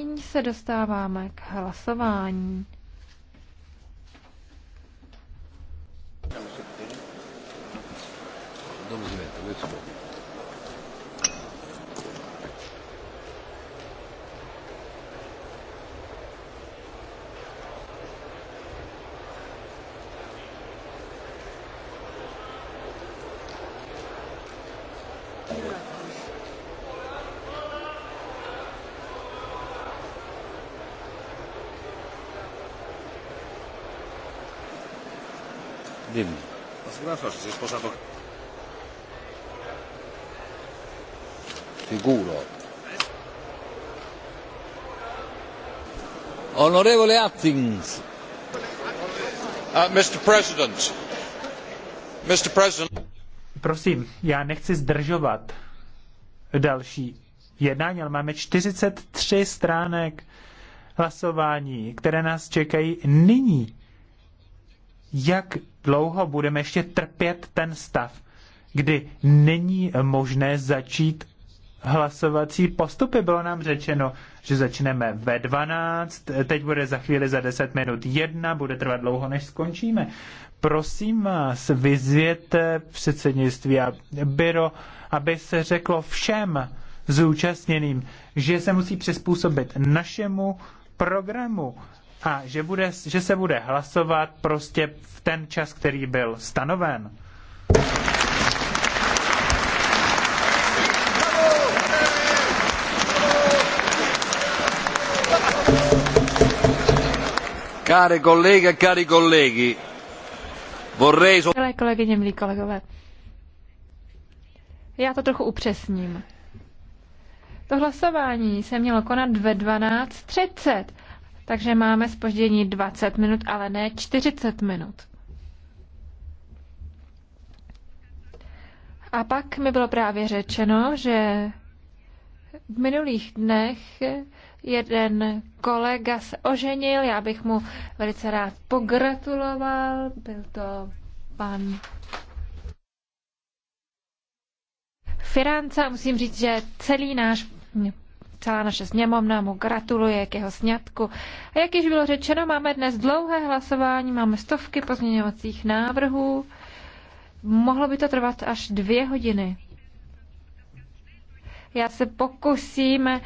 Nyní se dostáváme k hlasování. Dobře, je to. esposa por... Atkins. Uh, Mr. President. Mr. President. Prosím, já nechci zdržovat další jednání, ale máme 43 stránek hlasování, které nás čekají nyní jak dlouho budeme ještě trpět ten stav, kdy není možné začít hlasovací postupy. Bylo nám řečeno, že začneme ve 12, teď bude za chvíli za 10 minut 1, bude trvat dlouho, než skončíme. Prosím vás, vyzvěte předsednictví a byro, aby se řeklo všem zúčastněným, že se musí přizpůsobit našemu programu a že, bude, že se bude hlasovat prostě v ten čas, který byl stanoven. Care kolega, e cari kolegi, vorrei... Milé kolegyně, milí kolegové, já to trochu upřesním. To hlasování se mělo konat ve 12.30 takže máme spoždění 20 minut, ale ne 40 minut. A pak mi bylo právě řečeno, že v minulých dnech jeden kolega se oženil, já bych mu velice rád pogratuloval, byl to pan Firanca, Musím říct, že celý náš celá naše sněmovna mu gratuluje k jeho sňatku. A jak již bylo řečeno, máme dnes dlouhé hlasování, máme stovky pozměňovacích návrhů. Mohlo by to trvat až dvě hodiny. Já se pokusím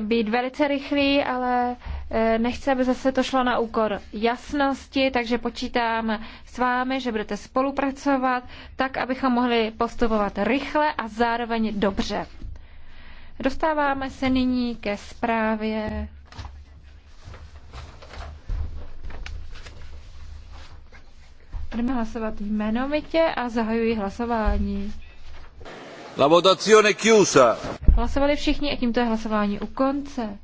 být velice rychlý, ale e, nechci, aby zase to šlo na úkor jasnosti, takže počítám s vámi, že budete spolupracovat tak, abychom mohli postupovat rychle a zároveň dobře. Dostáváme se nyní ke zprávě Budeme hlasovat jmenovitě a zahajuji hlasování. La votazione chiusa. Hlasovali všichni a tímto je hlasování u konce.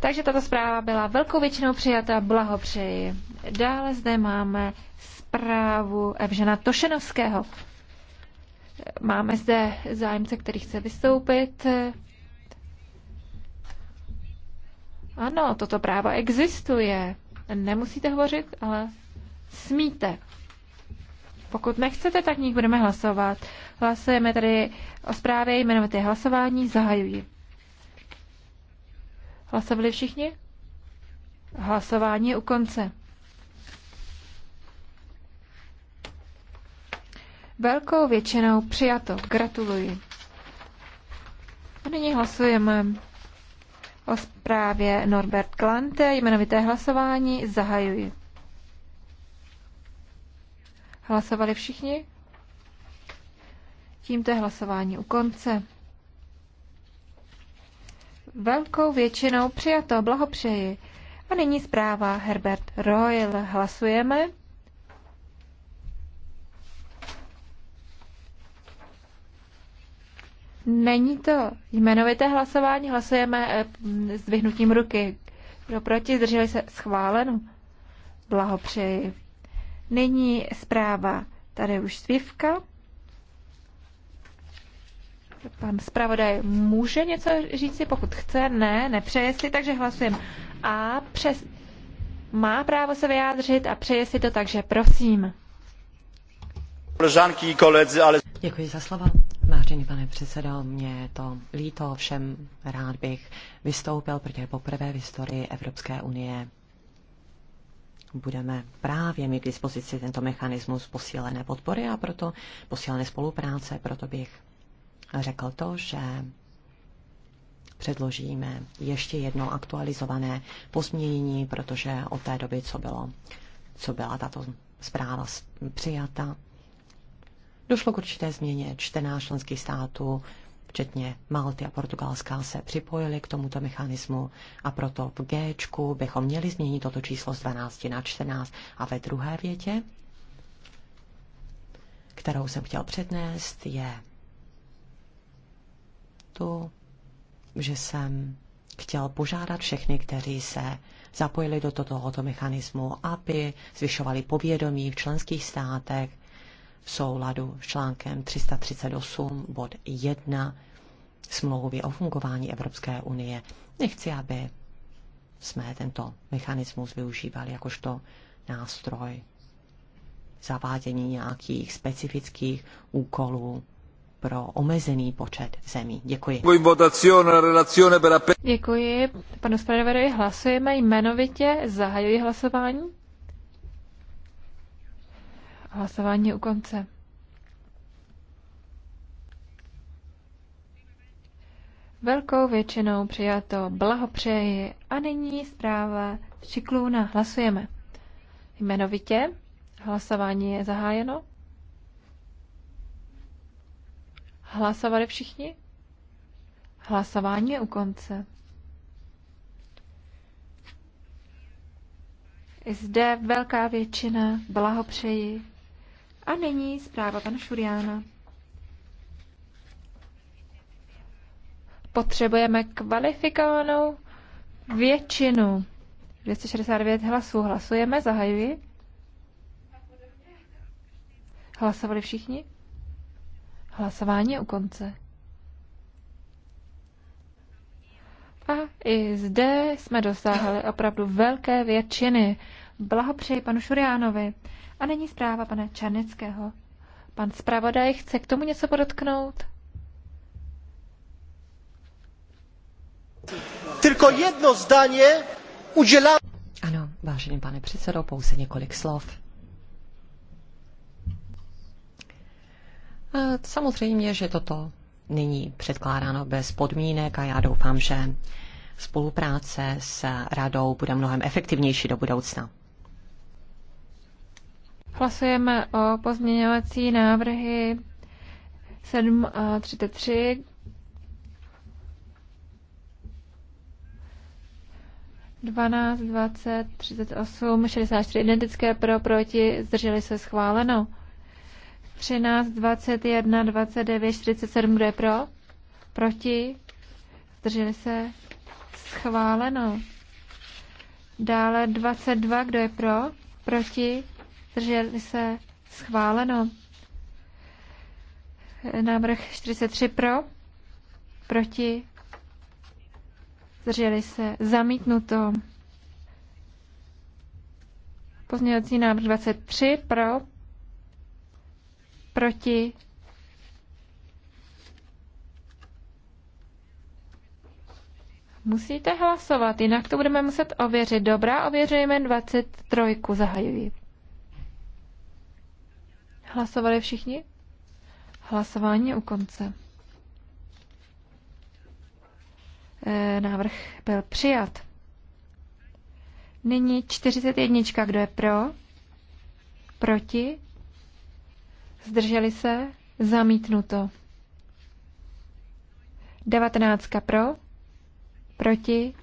Takže tato zpráva byla velkou většinou přijata, blahopřeji. Dále zde máme zprávu Evžena Tošenovského. Máme zde zájemce, který chce vystoupit. Ano, toto právo existuje. Nemusíte hovořit, ale smíte. Pokud nechcete, tak nikdy budeme hlasovat. Hlasujeme tedy o zprávě jmenovité hlasování. Zahajuji. Hlasovali všichni? Hlasování je u konce. velkou většinou přijato. Gratuluji. A nyní hlasujeme o zprávě Norbert Klante. Jmenovité hlasování zahajuji. Hlasovali všichni? Tímto je hlasování u konce. Velkou většinou přijato, blahopřeji. A nyní zpráva Herbert Royal. Hlasujeme. Není to jmenovité hlasování, hlasujeme eh, s vyhnutím ruky. Pro proti, zdrželi se schváleno. Blahopřeji. Nyní zpráva. Tady už svivka. Pan zpravodaj může něco říci, pokud chce, ne, nepřeje si, takže hlasujeme. A přes... má právo se vyjádřit a přeje si to, takže prosím. ale... Děkuji za slova, Vážený pane předsedo, mě to líto, všem rád bych vystoupil, protože poprvé v historii Evropské unie budeme právě mít k dispozici tento mechanismus posílené podpory a proto posílené spolupráce, proto bych řekl to, že předložíme ještě jedno aktualizované pozměnění, protože od té doby, co, bylo, co byla tato zpráva přijata, Došlo k určité změně. Čtená členských států, včetně Malty a Portugalska, se připojili k tomuto mechanismu a proto v G bychom měli změnit toto číslo z 12 na 14 a ve druhé větě kterou jsem chtěl přednést, je to, že jsem chtěl požádat všechny, kteří se zapojili do tohoto mechanismu, aby zvyšovali povědomí v členských státech v souladu s článkem 338 bod 1 smlouvy o fungování Evropské unie. Nechci, aby jsme tento mechanismus využívali jakožto nástroj zavádění nějakých specifických úkolů pro omezený počet zemí. Děkuji. Děkuji. Panu zpravodaji hlasujeme jmenovitě. Zahajuji hlasování. Hlasování u konce. Velkou většinou přijato blahopřeji a nyní zpráva Čiklůna. Hlasujeme. Jmenovitě hlasování je zahájeno. Hlasovali všichni? Hlasování je u konce. zde velká většina blahopřeji a nyní zpráva pana Šuriána. Potřebujeme kvalifikovanou většinu. 269 hlasů. Hlasujeme, zahajuji. Hlasovali všichni? Hlasování je u konce. A i zde jsme dosáhli opravdu velké většiny. Blahopřeji panu Šuriánovi. A není zpráva pana Černického. Pan zpravodaj chce k tomu něco podotknout? Tylko jedno zdaně udělá... Ano, vážený pane předsedo, pouze několik slov. E, samozřejmě, že toto není předkládáno bez podmínek a já doufám, že spolupráce s radou bude mnohem efektivnější do budoucna. Hlasujeme o pozměňovací návrhy 7 a 33. Dvanáct, dvacet, třicet osm, šedesát čtyři identické pro, proti, zdrželi se schváleno. Třináct, dvacet jedna, dvacet devět, čtyřicet sedm, kdo je pro, proti, zdrželi se schváleno. Dále dvacet dva, kdo je pro, proti, zdrželi se, schváleno. Návrh 43 pro, proti, zdrželi se, zamítnuto. Pozměňovací návrh 23 pro, proti, Musíte hlasovat, jinak to budeme muset ověřit. Dobrá, ověřujeme 23. Zahajuji. Hlasovali všichni? Hlasování je u konce. E, návrh byl přijat. Nyní 41. Kdo je pro? Proti? Zdrželi se? Zamítnuto. 19. Pro? Proti?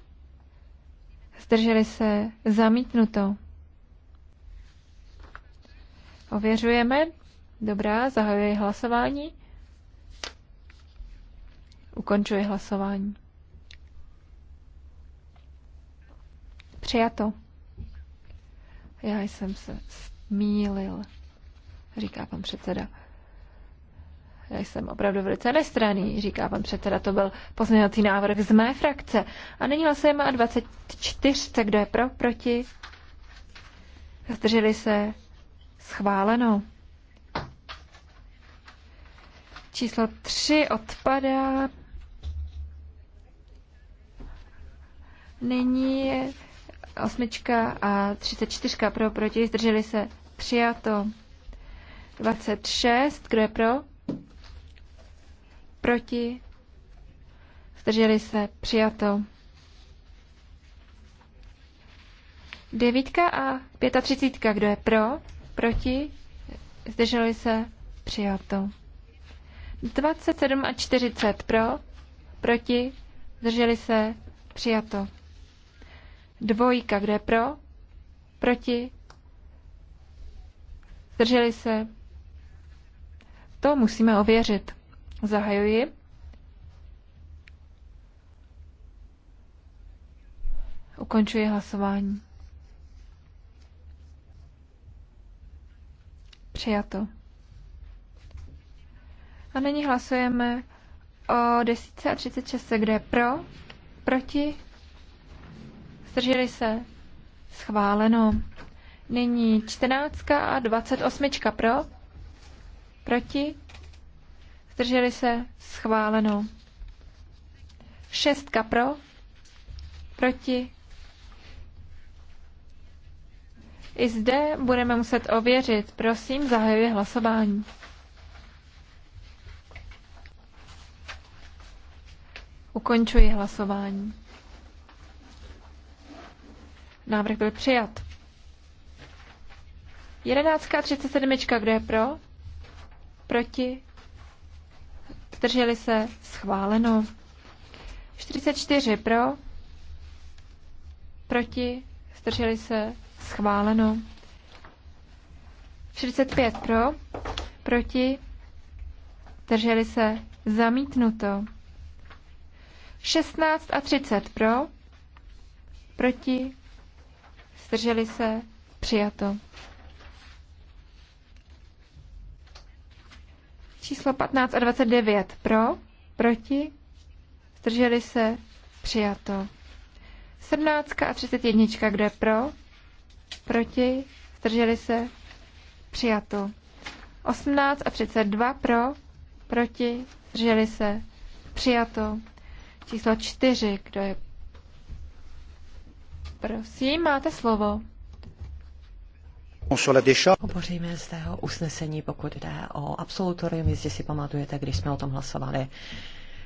Zdrželi se? Zamítnuto. Ověřujeme. Dobrá, zahajuji hlasování. Ukončuji hlasování. Přijato. Já jsem se smílil, říká pan předseda. Já jsem opravdu velice nestraný, říká pan předseda. To byl pozměňovací návrh z mé frakce. A nyní hlasujeme a 24, kdo je pro, proti. Zdrželi se schváleno. Číslo 3 odpadá. Nyní osmička a 34 pro, proti, zdrželi se přijato. 26, kdo je pro? Proti, zdrželi se přijato. Devítka a 35, kdo je pro? Proti, zdrželi se přijato. 27 a 40 pro, proti, zdrželi se, přijato. Dvojka, kde pro, proti, zdrželi se. To musíme ověřit. Zahajuji. Ukončuji hlasování. Přijato. A nyní hlasujeme o 10.36, kde je pro, proti, zdrželi se, schváleno. Nyní 14 a 28 pro, proti, zdrželi se, schváleno. 6 pro, proti. I zde budeme muset ověřit. Prosím, zahajuji hlasování. Ukončuji hlasování. Návrh byl přijat. 1137 Kdo je pro? Proti? Zdrželi se? Schváleno. 44 pro? Proti? Zdrželi se? Schváleno. 45 pro? Proti? Zdrželi se? Zamítnuto. 16 a 30 pro, proti, zdrželi se, přijato. Číslo 15 a 29 pro, proti, zdrželi se, přijato. 17 a 31, kdo je pro, proti, zdrželi se, přijato. 18 a 32 pro, proti, zdrželi se, přijato. Číslo čtyři, kdo je? Prosím, máte slovo. Hovoříme z tého usnesení, pokud jde o absolutorium. jestli si pamatujete, když jsme o tom hlasovali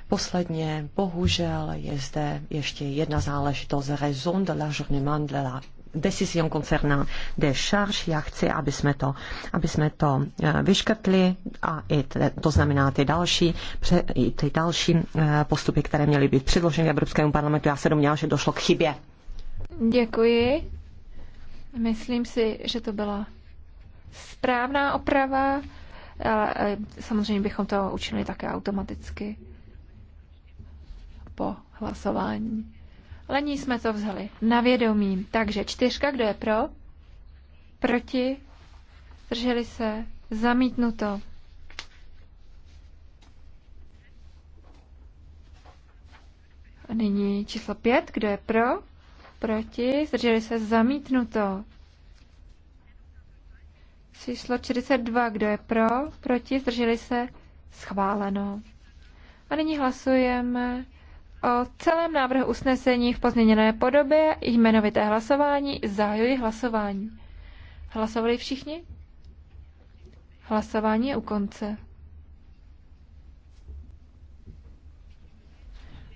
Posledně, bohužel, je zde ještě jedna záležitost raison de la journée de la decizion concernant des charges. Já chci, aby jsme to, aby jsme to eh, vyškrtli a i t, to znamená ty další, pře, i ty další eh, postupy, které měly být předloženy Evropskému parlamentu. Já se domnívám, že došlo k chybě. Děkuji. Myslím si, že to byla správná oprava, ale eh, samozřejmě bychom to učinili také automaticky po hlasování. Lení jsme to vzali na vědomí. Takže čtyřka, kdo je pro? Proti? Zdrželi se? Zamítnuto. A nyní číslo pět, kdo je pro? Proti? Zdrželi se? Zamítnuto. Číslo 42, kdo je pro? Proti? Zdrželi se? Schváleno. A nyní hlasujeme o celém návrhu usnesení v pozměněné podobě jmenovité hlasování. Zahajuji hlasování. Hlasovali všichni? Hlasování je u konce.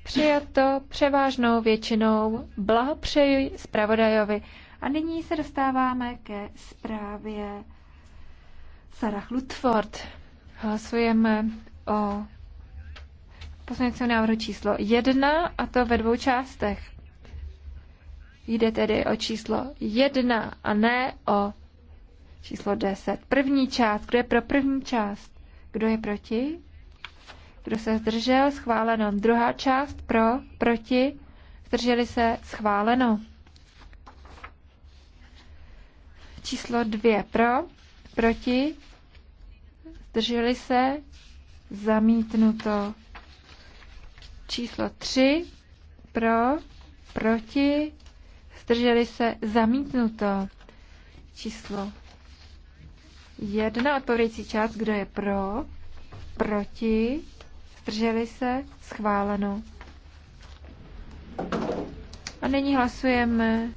Přijato převážnou většinou. Blahopřeji zpravodajovi. A nyní se dostáváme ke zprávě Sarah Lutford. Hlasujeme o pozměňovacího návrhu číslo 1, a to ve dvou částech. Jde tedy o číslo 1 a ne o číslo 10. První část. Kdo je pro první část? Kdo je proti? Kdo se zdržel? Schváleno. Druhá část pro, proti, zdrželi se, schváleno. Číslo 2 pro, proti, zdrželi se, zamítnuto číslo 3 pro, proti, zdrželi se, zamítnuto. Číslo 1, odpovědící část, kdo je pro, proti, zdrželi se, schváleno. A nyní hlasujeme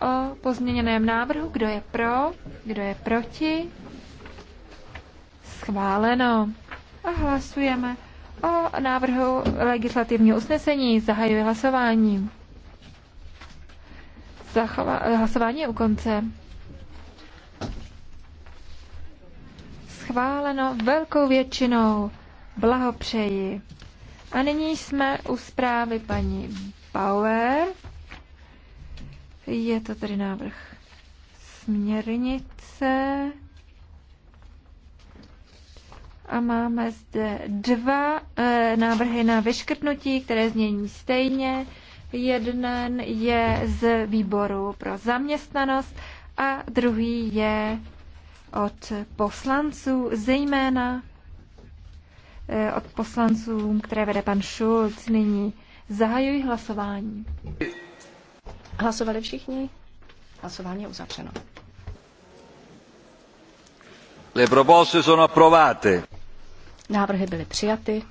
o pozměněném návrhu, kdo je pro, kdo je proti, schváleno. A hlasujeme o návrhu legislativního usnesení. Zahajuji hlasování. Zachova, hlasování je u konce. Schváleno velkou většinou. Blahopřeji. A nyní jsme u zprávy paní Bauer. Je to tedy návrh směrnice. A máme zde dva e, návrhy na vyškrtnutí, které změní stejně. Jeden je z výboru pro zaměstnanost a druhý je od poslanců, zejména e, od poslanců, které vede pan Schulz. Nyní zahajuji hlasování. Hlasovali všichni? Hlasování je uzavřeno. Le proposte sono approvate. Návrhy byly přijaty.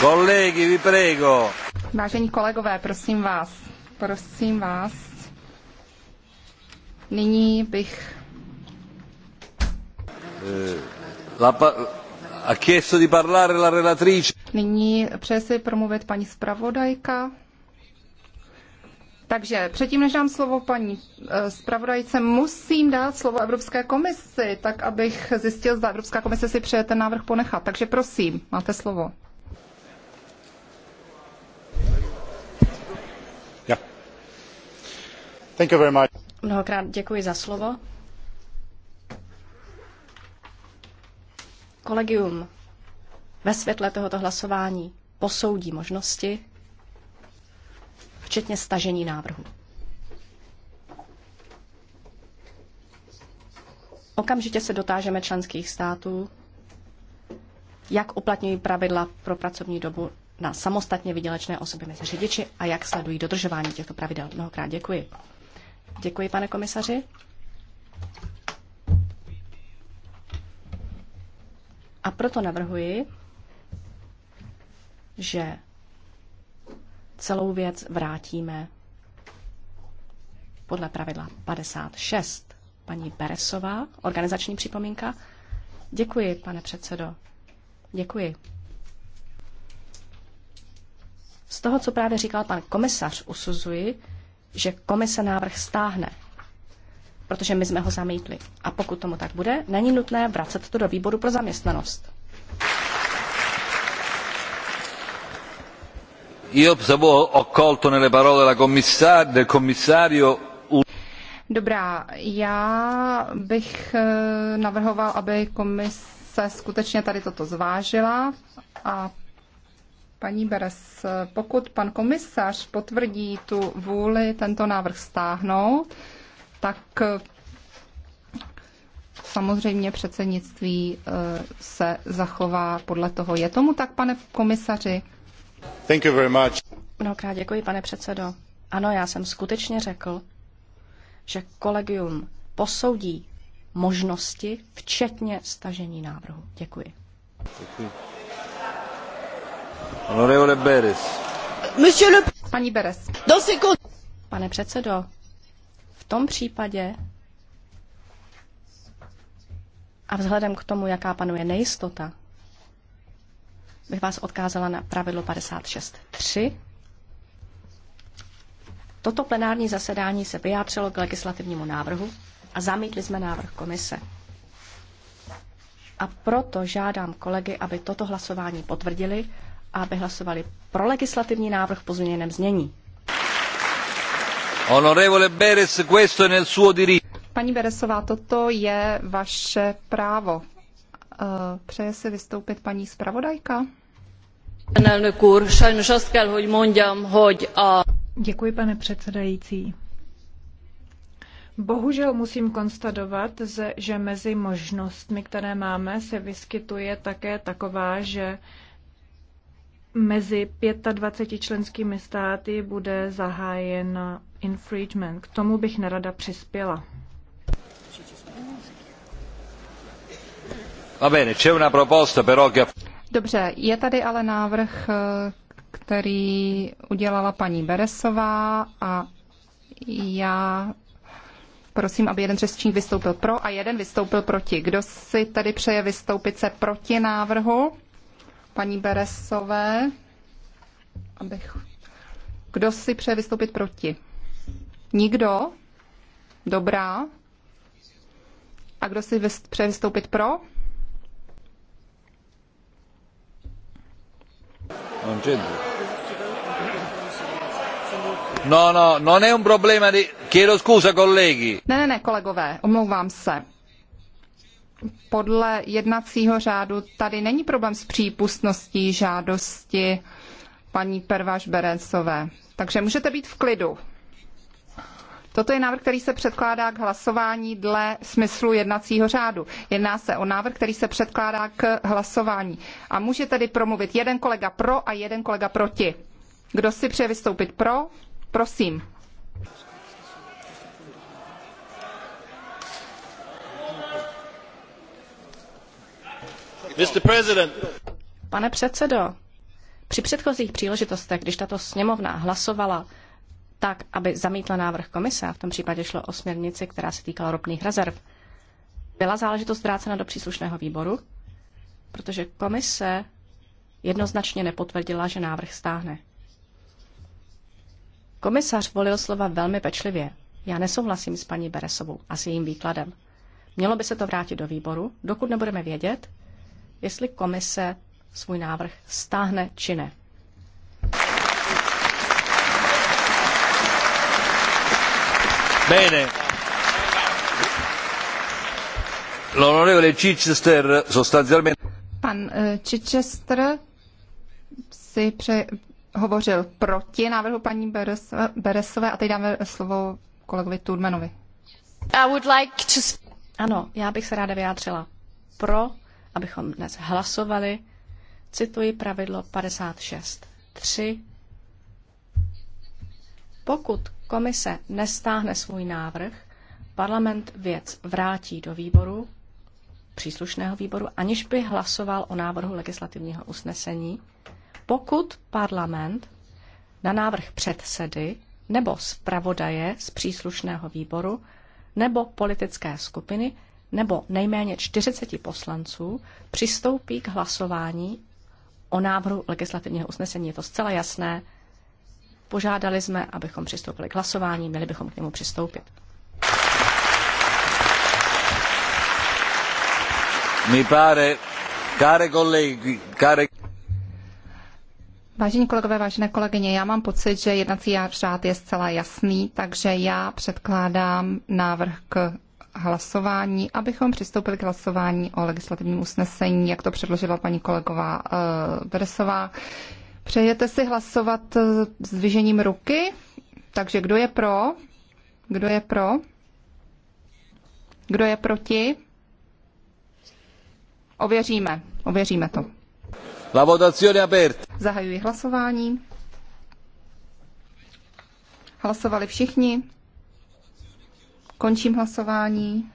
Kolegy, vy prego. Vážení kolegové, prosím vás, prosím vás. Nyní bych... La, Ha chiesto di parlare la relatrice. Nyní přeje si promluvit paní zpravodajka. Takže předtím, než dám slovo paní eh, zpravodajce, musím dát slovo Evropské komisi, tak abych zjistil, zda Evropská komise si přeje ten návrh ponechat. Takže prosím, máte slovo. Yeah. Thank you very much. Mnohokrát děkuji za slovo. Kolegium ve světle tohoto hlasování posoudí možnosti, včetně stažení návrhu. Okamžitě se dotážeme členských států, jak uplatňují pravidla pro pracovní dobu na samostatně vydělečné osoby mezi řidiči a jak sledují dodržování těchto pravidel. Mnohokrát děkuji. Děkuji, pane komisaři. A proto navrhuji, že celou věc vrátíme podle pravidla 56. Paní Beresová, organizační připomínka. Děkuji, pane předsedo. Děkuji. Z toho, co právě říkal pan komisař, usuzuji, že komise návrh stáhne protože my jsme ho zamítli. A pokud tomu tak bude, není nutné vracet to do výboru pro zaměstnanost. Dobrá, já bych eh, navrhoval, aby komise skutečně tady toto zvážila a Paní Beres, eh, pokud pan komisař potvrdí tu vůli tento návrh stáhnout, tak eh, samozřejmě předsednictví eh, se zachová podle toho. Je tomu tak, pane komisaři? Thank you very much. Mnohokrát děkuji, pane předsedo. Ano, já jsem skutečně řekl, že kolegium posoudí možnosti, včetně stažení návrhu. Děkuji. Děkuji. Beres. Monsieur le... Paní Beres. Pane předsedo, tom případě a vzhledem k tomu, jaká panuje nejistota, bych vás odkázala na pravidlo 56.3. Toto plenární zasedání se vyjádřilo k legislativnímu návrhu a zamítli jsme návrh komise. A proto žádám kolegy, aby toto hlasování potvrdili a aby hlasovali pro legislativní návrh v pozměněném znění. Onorevole Beres, questo è nel suo diritto. Paní Beresová, toto je vaše právo. Eh, přeje si vystoupit paní zpravodajka? Elnök úr, sajnos azt kell, hogy mondjam, hogy a... Děkuji, pane předsedající. Bohužel musím konstatovat, že mezi možnostmi, které máme, se vyskytuje také taková, že mezi 25 členskými státy bude zahájena infringement. K tomu bych nerada přispěla. Dobře, je tady ale návrh, eh, který udělala paní Beresová a já prosím, aby jeden řečník vystoupil pro a jeden vystoupil proti. Kdo si tady přeje vystoupit se proti návrhu? Paní Beresové. Abych... Kdo si přeje vystoupit proti? Nikdo? Dobrá. A kdo si přeje vystoupit pro? No, no, non è un problema di... Chiedo scusa, colleghi. Ne, ne, ne, kolegové, omlouvám se. Podle jednacího řádu tady není problém s přípustností žádosti paní Pervaš Berencové. Takže můžete být v klidu. Toto je návrh, který se předkládá k hlasování dle smyslu jednacího řádu. Jedná se o návrh, který se předkládá k hlasování. A může tedy promluvit jeden kolega pro a jeden kolega proti. Kdo si přeje vystoupit pro? Prosím. Pane předsedo, při předchozích příležitostech, když tato sněmovna hlasovala tak, aby zamítla návrh komise, a v tom případě šlo o směrnici, která se týkala ropných rezerv, byla záležitost vrácena do příslušného výboru, protože komise jednoznačně nepotvrdila, že návrh stáhne. Komisař volil slova velmi pečlivě. Já nesouhlasím s paní Beresovou a s jejím výkladem. Mělo by se to vrátit do výboru, dokud nebudeme vědět, jestli komise svůj návrh stáhne či ne. Bene. L'onorevole Chichester sostanzialmente... Pan eh, Chichester si pře- hovořil proti návrhu paní Beres- Beresové a teď dáme slovo kolegovi Turmenovi. I would like to... Ano, já bych se ráda vyjádřila pro, abychom dnes hlasovali. Cituji pravidlo 56.3. Pokud komise nestáhne svůj návrh, parlament věc vrátí do výboru, příslušného výboru, aniž by hlasoval o návrhu legislativního usnesení, pokud parlament na návrh předsedy nebo zpravodaje z příslušného výboru nebo politické skupiny nebo nejméně 40 poslanců přistoupí k hlasování o návrhu legislativního usnesení. Je to zcela jasné Požádali jsme, abychom přistoupili k hlasování, měli bychom k němu přistoupit. Mi pare, care colleghi, care... Vážení kolegové, vážené kolegyně, já mám pocit, že jednací řád je zcela jasný, takže já předkládám návrh k hlasování, abychom přistoupili k hlasování o legislativním usnesení, jak to předložila paní kolegová uh, Beresová. Přejete si hlasovat eh, s dvižením ruky? Takže kdo je pro? Kdo je pro? Kdo je proti? Ověříme. Ověříme to. La votazione aperta. Zahajuji hlasování. Hlasovali všichni. Končím hlasování.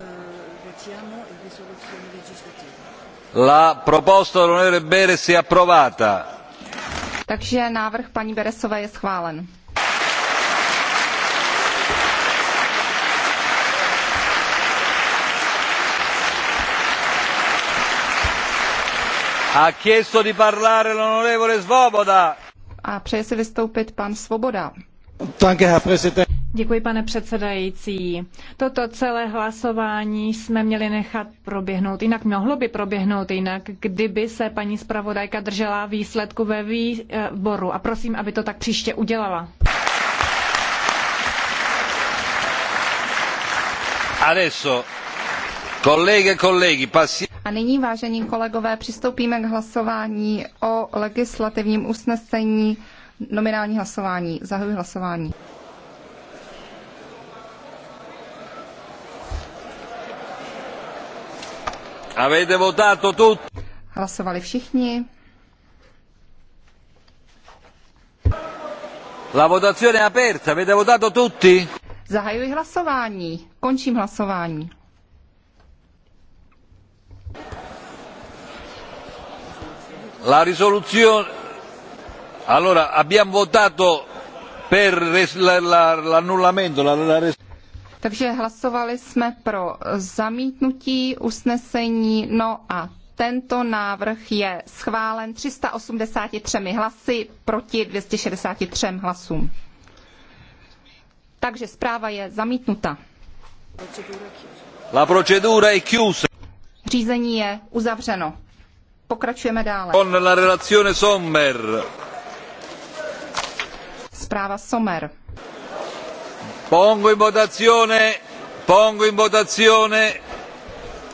Eh, La proposta dell'onorevole approvata. Takže návrh paní Beresové je schválen. Ha chiesto di parlare l'onorevole Svoboda. A přeje si vystoupit pan Svoboda. Danke, Herr Präsident. Děkuji, pane předsedající. Toto celé hlasování jsme měli nechat proběhnout jinak, mohlo by proběhnout jinak, kdyby se paní zpravodajka držela výsledku ve výboru. A prosím, aby to tak příště udělala. Adesso, kolege, kolegi, passi... A nyní, vážení kolegové, přistoupíme k hlasování o legislativním usnesení nominální hlasování. Zahajuji hlasování. Avete votato tutti? Hlasovali všichni. La votazione è aperta, avete votato tutti? Zahajuji hlasování. Končím hlasování. La risoluzione Allora, abbiamo votato per l'annullamento la, la, la takže hlasovali jsme pro zamítnutí usnesení, no a tento návrh je schválen 383 hlasy proti 263 hlasům. Takže zpráva je zamítnuta. La procedura è chiusa. Řízení je uzavřeno. Pokračujeme dále. Con la relazione Sommer. Zpráva Sommer. Pongo in votazione, pongo in votazione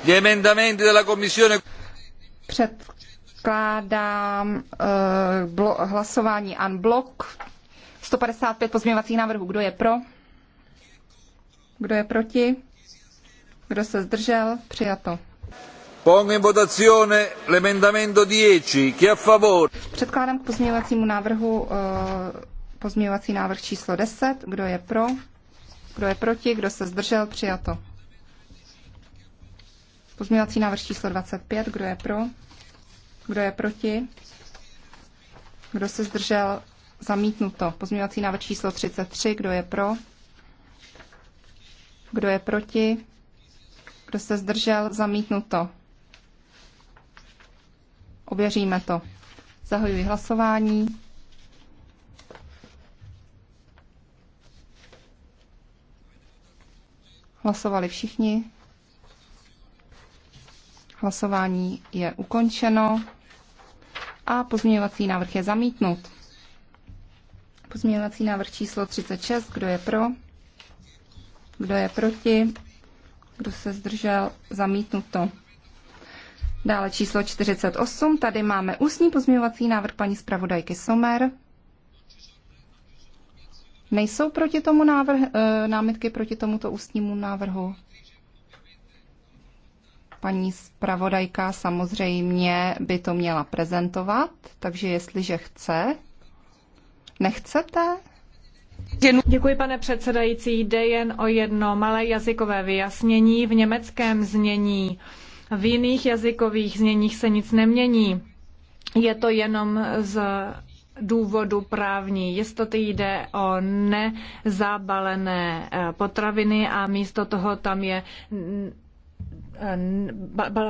gli emendamenti della Commissione. Předkládám uh, blo- hlasování unblock. 155 pozměňovacích návrhů. Kdo je pro? Kdo je proti? Kdo se zdržel? Přijato. Pongo in votazione l'emendamento 10. Chi a favore? Předkládám k pozměňovacímu návrhu uh, pozměňovací návrh číslo 10. Kdo je pro? Kdo je proti? Kdo se zdržel? Přijato. Pozměňovací návrh číslo 25. Kdo je pro? Kdo je proti? Kdo se zdržel? Zamítnuto. Pozměňovací návrh číslo 33. Kdo je pro? Kdo je proti? Kdo se zdržel? Zamítnuto. Ověříme to. Zahajuji hlasování. Hlasovali všichni. Hlasování je ukončeno a pozměňovací návrh je zamítnut. Pozměňovací návrh číslo 36. Kdo je pro? Kdo je proti? Kdo se zdržel? Zamítnuto. Dále číslo 48. Tady máme ústní pozměňovací návrh paní zpravodajky Somer. Nejsou proti tomu návrh, eh, námitky proti tomuto ústnímu návrhu? Paní zpravodajka samozřejmě by to měla prezentovat, takže jestliže chce, nechcete? Děkuji, pane předsedající. Jde jen o jedno malé jazykové vyjasnění v německém znění. V jiných jazykových zněních se nic nemění. Je to jenom z důvodu právní jistoty jde o nezábalené eh, potraviny a místo toho tam je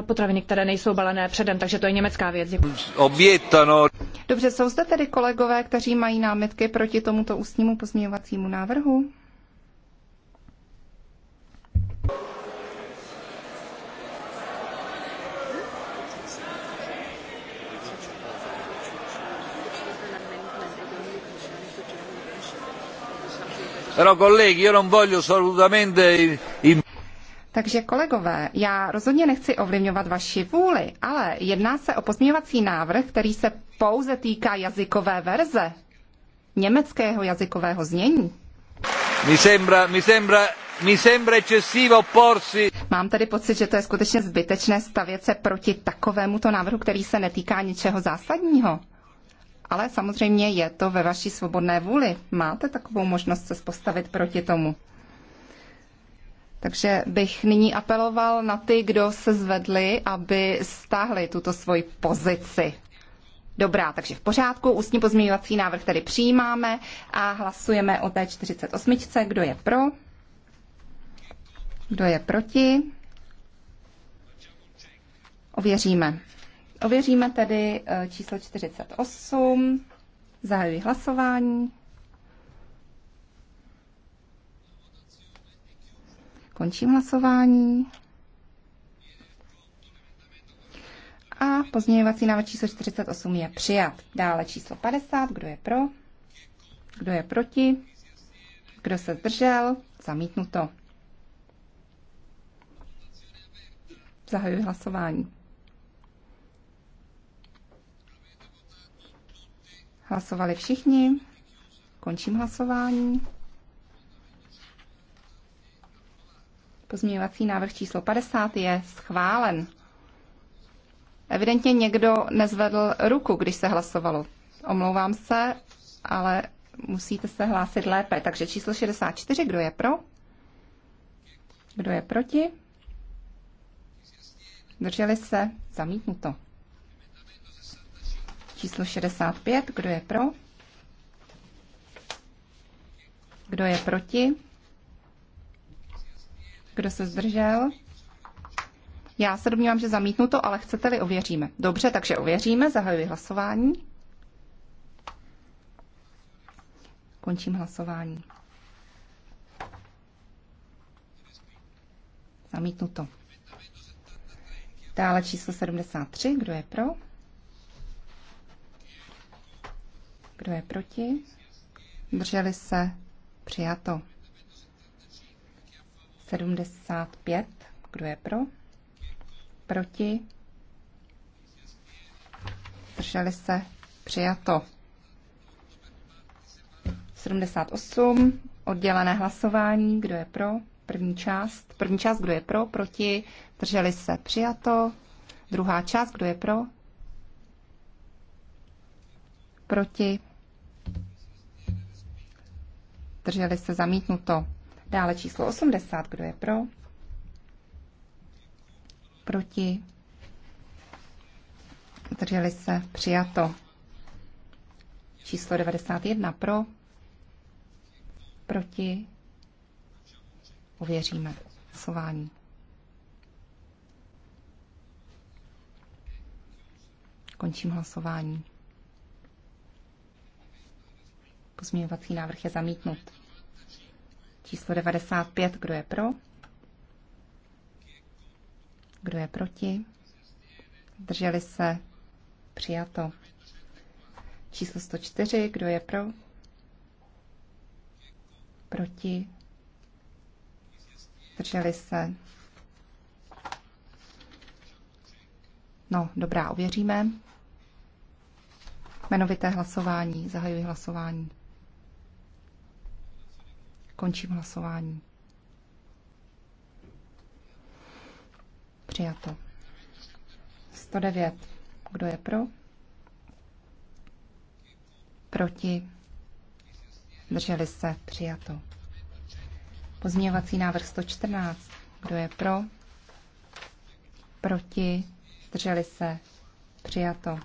potraviny, které nejsou balené předem, takže to je německá věc. Obětano. Dobře, jsou zde tedy kolegové, kteří mají námitky proti tomuto ústnímu pozměňovacímu návrhu? Però colleghi, io non voglio assolutamente... Takže kolegové, já rozhodně nechci ovlivňovat vaši vůli, ale jedná se o pozměňovací návrh, který se pouze týká jazykové verze, německého jazykového znění. Mi sembra, mi sembra, mi sembra eccessivo porsi. Mám tedy pocit, že to je skutečně zbytečné stavět se proti takovémuto návrhu, který se netýká ničeho zásadního. Ale samozřejmě je to ve vaší svobodné vůli. Máte takovou možnost se postavit proti tomu. Takže bych nyní apeloval na ty, kdo se zvedli, aby stáhli tuto svoji pozici. Dobrá, takže v pořádku, ústní pozměňovací návrh tedy přijímáme a hlasujeme o té 48. Kdo je pro? Kdo je proti? Ověříme. Ověříme tedy eh, číslo 48. Zahajuji hlasování. Končím hlasování. A pozměňovací návrh číslo 48 je přijat. Dále číslo 50. Kdo je pro? Kdo je proti? Kdo se zdržel? Zamítnuto. Zahajuji hlasování. Hlasovali všichni. Končím hlasování. Pozměňovací návrh číslo 50 je schválen. Evidentně někdo nezvedl ruku, když se hlasovalo. Omlouvám se, ale musíte se hlásit lépe. Takže číslo 64, kdo je pro? Kdo je proti? Drželi se? Zamítnuto číslo 65. Kdo je pro? Kdo je proti? Kdo se zdržel? Já se domnívám, že zamítnu to, ale chcete-li, ověříme. Dobře, takže ověříme, zahajuji hlasování. Končím hlasování. Zamítnu to. Dále číslo 73, kdo je pro? Kdo je proti? Drželi se? Přijato. 75. Kdo je pro? Proti? Drželi se? Přijato. 78. Oddělené hlasování. Kdo je pro? První část. První část, kdo je pro? Proti? Drželi se? Přijato. Druhá část, kdo je pro? Proti? Zdrželi se zamítnuto. Dále číslo 80. Kdo je pro? Proti? Zdrželi se přijato. Číslo 91. Pro? Proti? Uvěříme hlasování. Končím hlasování. Pozměňovací návrh je zamítnut. Číslo 95. Kdo je pro? Kdo je proti? Drželi se? Přijato. Číslo 104. Kdo je pro? Proti? Drželi se? No, dobrá, ověříme. Jmenovité hlasování. Zahajuji hlasování. Končím hlasování. Přijato. 109. Kdo je pro? Proti? Drželi se. Přijato. Pozměňovací návrh 114. Kdo je pro? Proti? Drželi se. Přijato.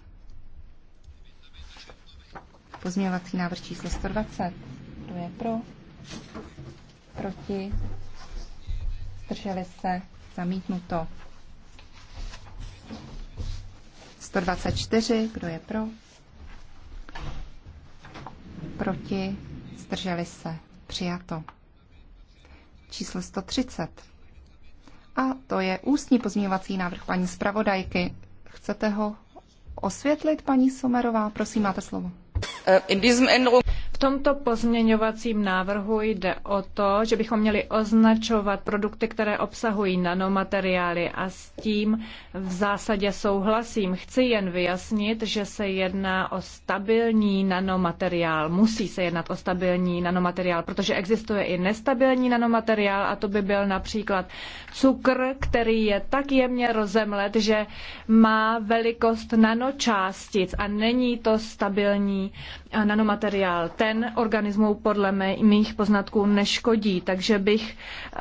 Pozměňovací návrh číslo 120. Kdo je pro? proti, zdrželi se, zamítnuto. 124, kdo je pro, proti, zdrželi se, přijato. Číslo 130. A to je ústní pozměňovací návrh paní zpravodajky. Chcete ho osvětlit, paní Somerová? Prosím, máte slovo. Eh, in diesem Änderung v tomto pozměňovacím návrhu jde o to, že bychom měli označovat produkty, které obsahují nanomateriály a s tím v zásadě souhlasím. Chci jen vyjasnit, že se jedná o stabilní nanomateriál. Musí se jednat o stabilní nanomateriál, protože existuje i nestabilní nanomateriál a to by byl například cukr, který je tak jemně rozemlet, že má velikost nanočástic a není to stabilní nanomateriál ten organismu podle mých poznatků neškodí, takže bych eh,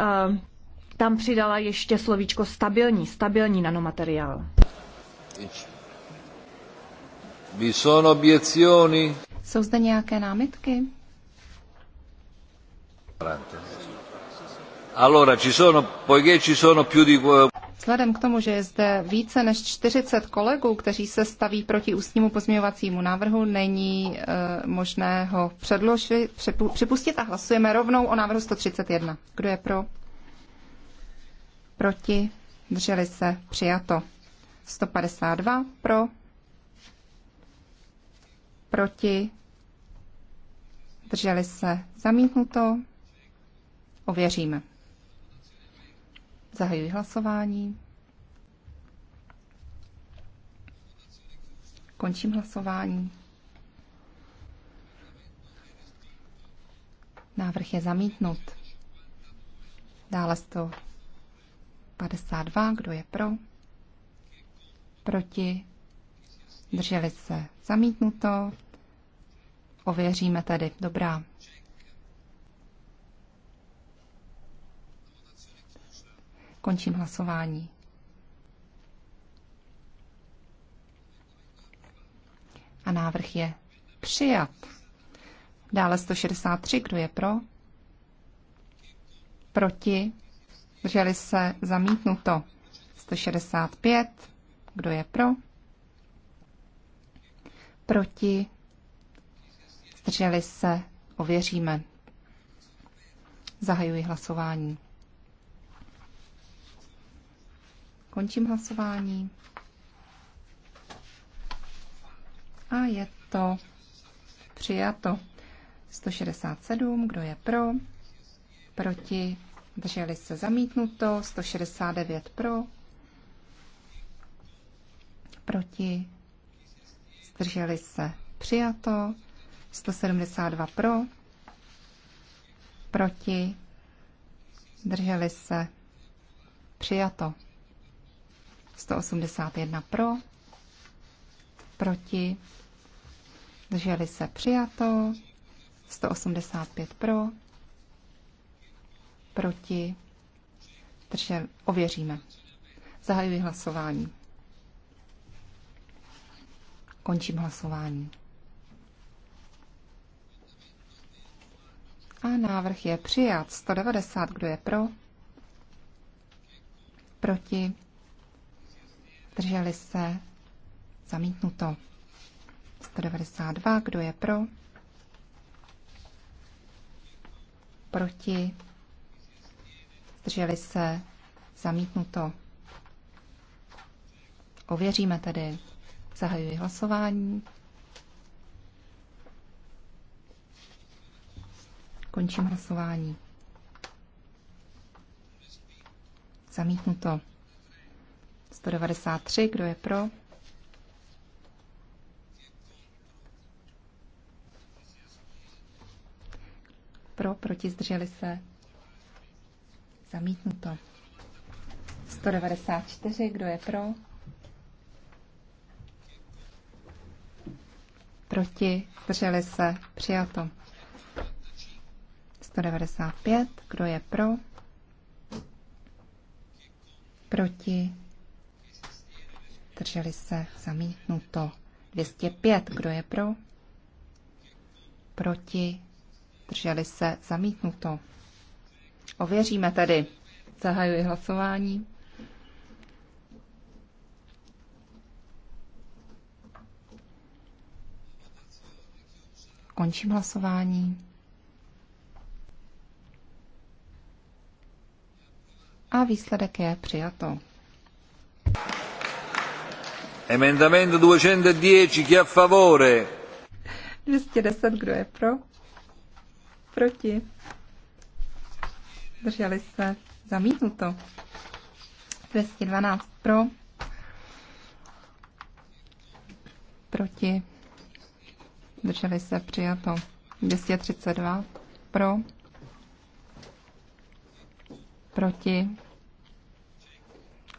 tam přidala ještě slovíčko stabilní, stabilní nanomateriál. Jsou zde nějaké námitky? Allora, ci sono, poiché ci sono più di... Eh, Vzhledem k tomu, že je zde více než 40 kolegů, kteří se staví proti ústnímu pozměňovacímu návrhu, není e, možné ho předložit, připustit a hlasujeme rovnou o návrhu 131. Kdo je pro? Proti? Drželi se? Přijato. 152 pro? Proti? Drželi se? Zamítnuto? Ověříme. Zahajuji hlasování. Končím hlasování. Návrh je zamítnut. Dále 152. Kdo je pro? Proti? Drželi se zamítnuto. Ověříme tedy. Dobrá. Končím hlasování. A návrh je přijat. Dále 163, kdo je pro? Proti? Drželi se zamítnuto. 165, kdo je pro? Proti? Drželi se, ověříme. Zahajuji hlasování. Končím hlasování. A je to přijato. 167, kdo je pro, proti, drželi se zamítnuto, 169 pro, proti, zdrželi se přijato, 172 pro, proti, drželi se přijato. 181 pro, proti, drželi se přijato, 185 pro, proti, držel, ověříme. Zahajuji hlasování. Končím hlasování. A návrh je přijat. 190, kdo je pro? Proti? Zdrželi se? Zamítnuto. 192. Kdo je pro? Proti? Zdrželi se? Zamítnuto. Ověříme tedy. Zahajuji hlasování. Končím hlasování. Zamítnuto. 193, kdo je pro? Pro, proti, zdrželi se. Zamítnuto. 194, kdo je pro? Proti, zdrželi se. Přijato. 195, kdo je pro? Proti, Zdrželi se zamítnuto. 205. Kdo je pro? Proti? Drželi se zamítnuto. Ověříme tedy. Zahajuji hlasování. Končím hlasování. A výsledek je přijato. Emendamento 210, chi a favore? 210, kdo je pro? Proti? Drželi se. Zamítnuto. 212 pro. Proti. Drželi se. Přijato. 232 pro. Proti.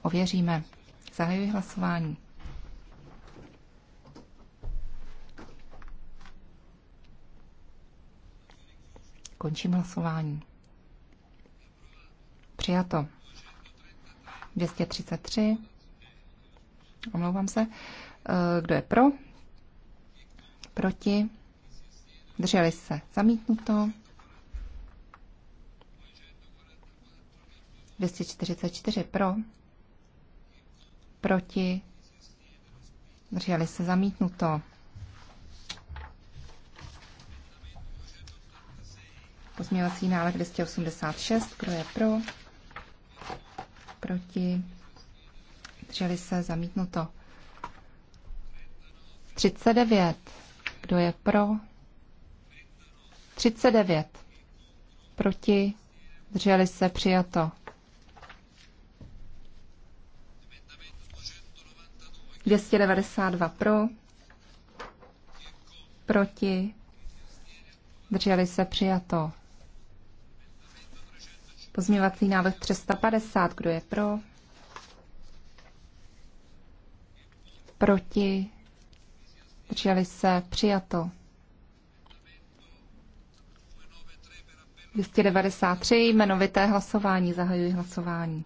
Ověříme. Zahajuji hlasování. Končím hlasování. Přijato. 233. Omlouvám se. Eh, kdo je pro? Proti? Drželi se. Zamítnuto. 244 pro. Proti? Drželi se. Zamítnuto. Pozměňovací návrh 286, kdo je pro? Proti? Drželi se, zamítnuto. 39, kdo je pro? 39, proti? Drželi se, přijato. 292 pro, proti, drželi se přijato. Pozměňovací návrh 350. Kdo je pro? Proti? Drželi se? Přijato. 293. Jmenovité hlasování. Zahajuji hlasování.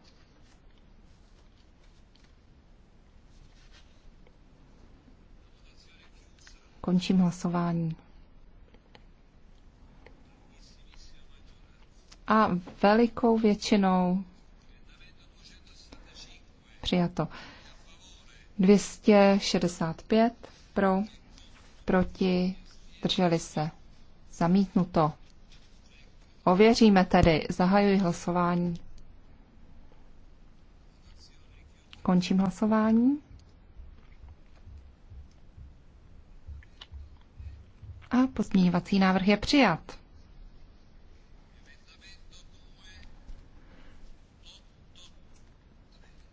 Končím hlasování. a velikou většinou přijato. 265 pro, proti, drželi se. Zamítnuto. Ověříme tedy. Zahajuji hlasování. Končím hlasování. A pozměňovací návrh je přijat.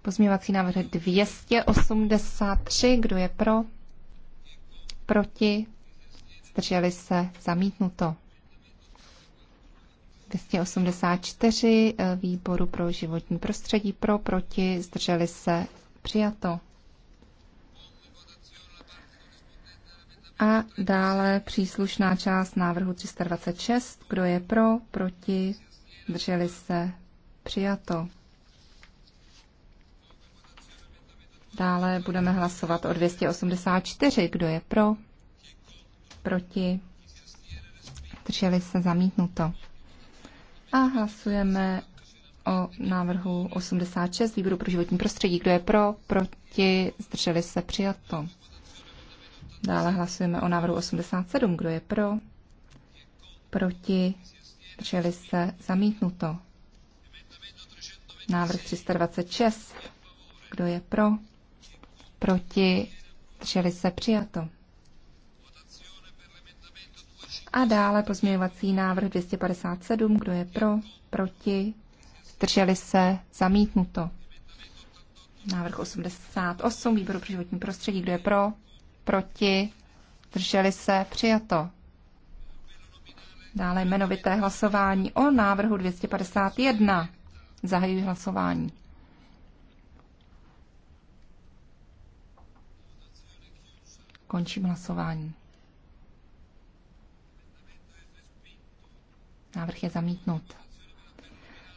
Pozměňovací návrh 283. Kdo je pro? Proti? Zdrželi se? Zamítnuto. 284 eh, výboru pro životní prostředí pro, proti, zdrželi se, přijato. A dále příslušná část návrhu 326, kdo je pro, proti, zdrželi se, přijato. Dále budeme hlasovat o 284. Kdo je pro? Proti? Drželi se zamítnuto. A hlasujeme o návrhu 86 výboru pro životní prostředí. Kdo je pro? Proti? Zdrželi se přijato. Dále hlasujeme o návrhu 87. Kdo je pro? Proti? Zdrželi se zamítnuto. Návrh 326. Kdo je pro? proti, drželi se přijato. A dále pozměňovací návrh 257, kdo je pro, proti, drželi se, zamítnuto. Návrh 88 výboru pro životní prostředí, kdo je pro, proti, drželi se, přijato. Dále jmenovité hlasování o návrhu 251. Zahajuji hlasování. Končím hlasování. Návrh je zamítnut.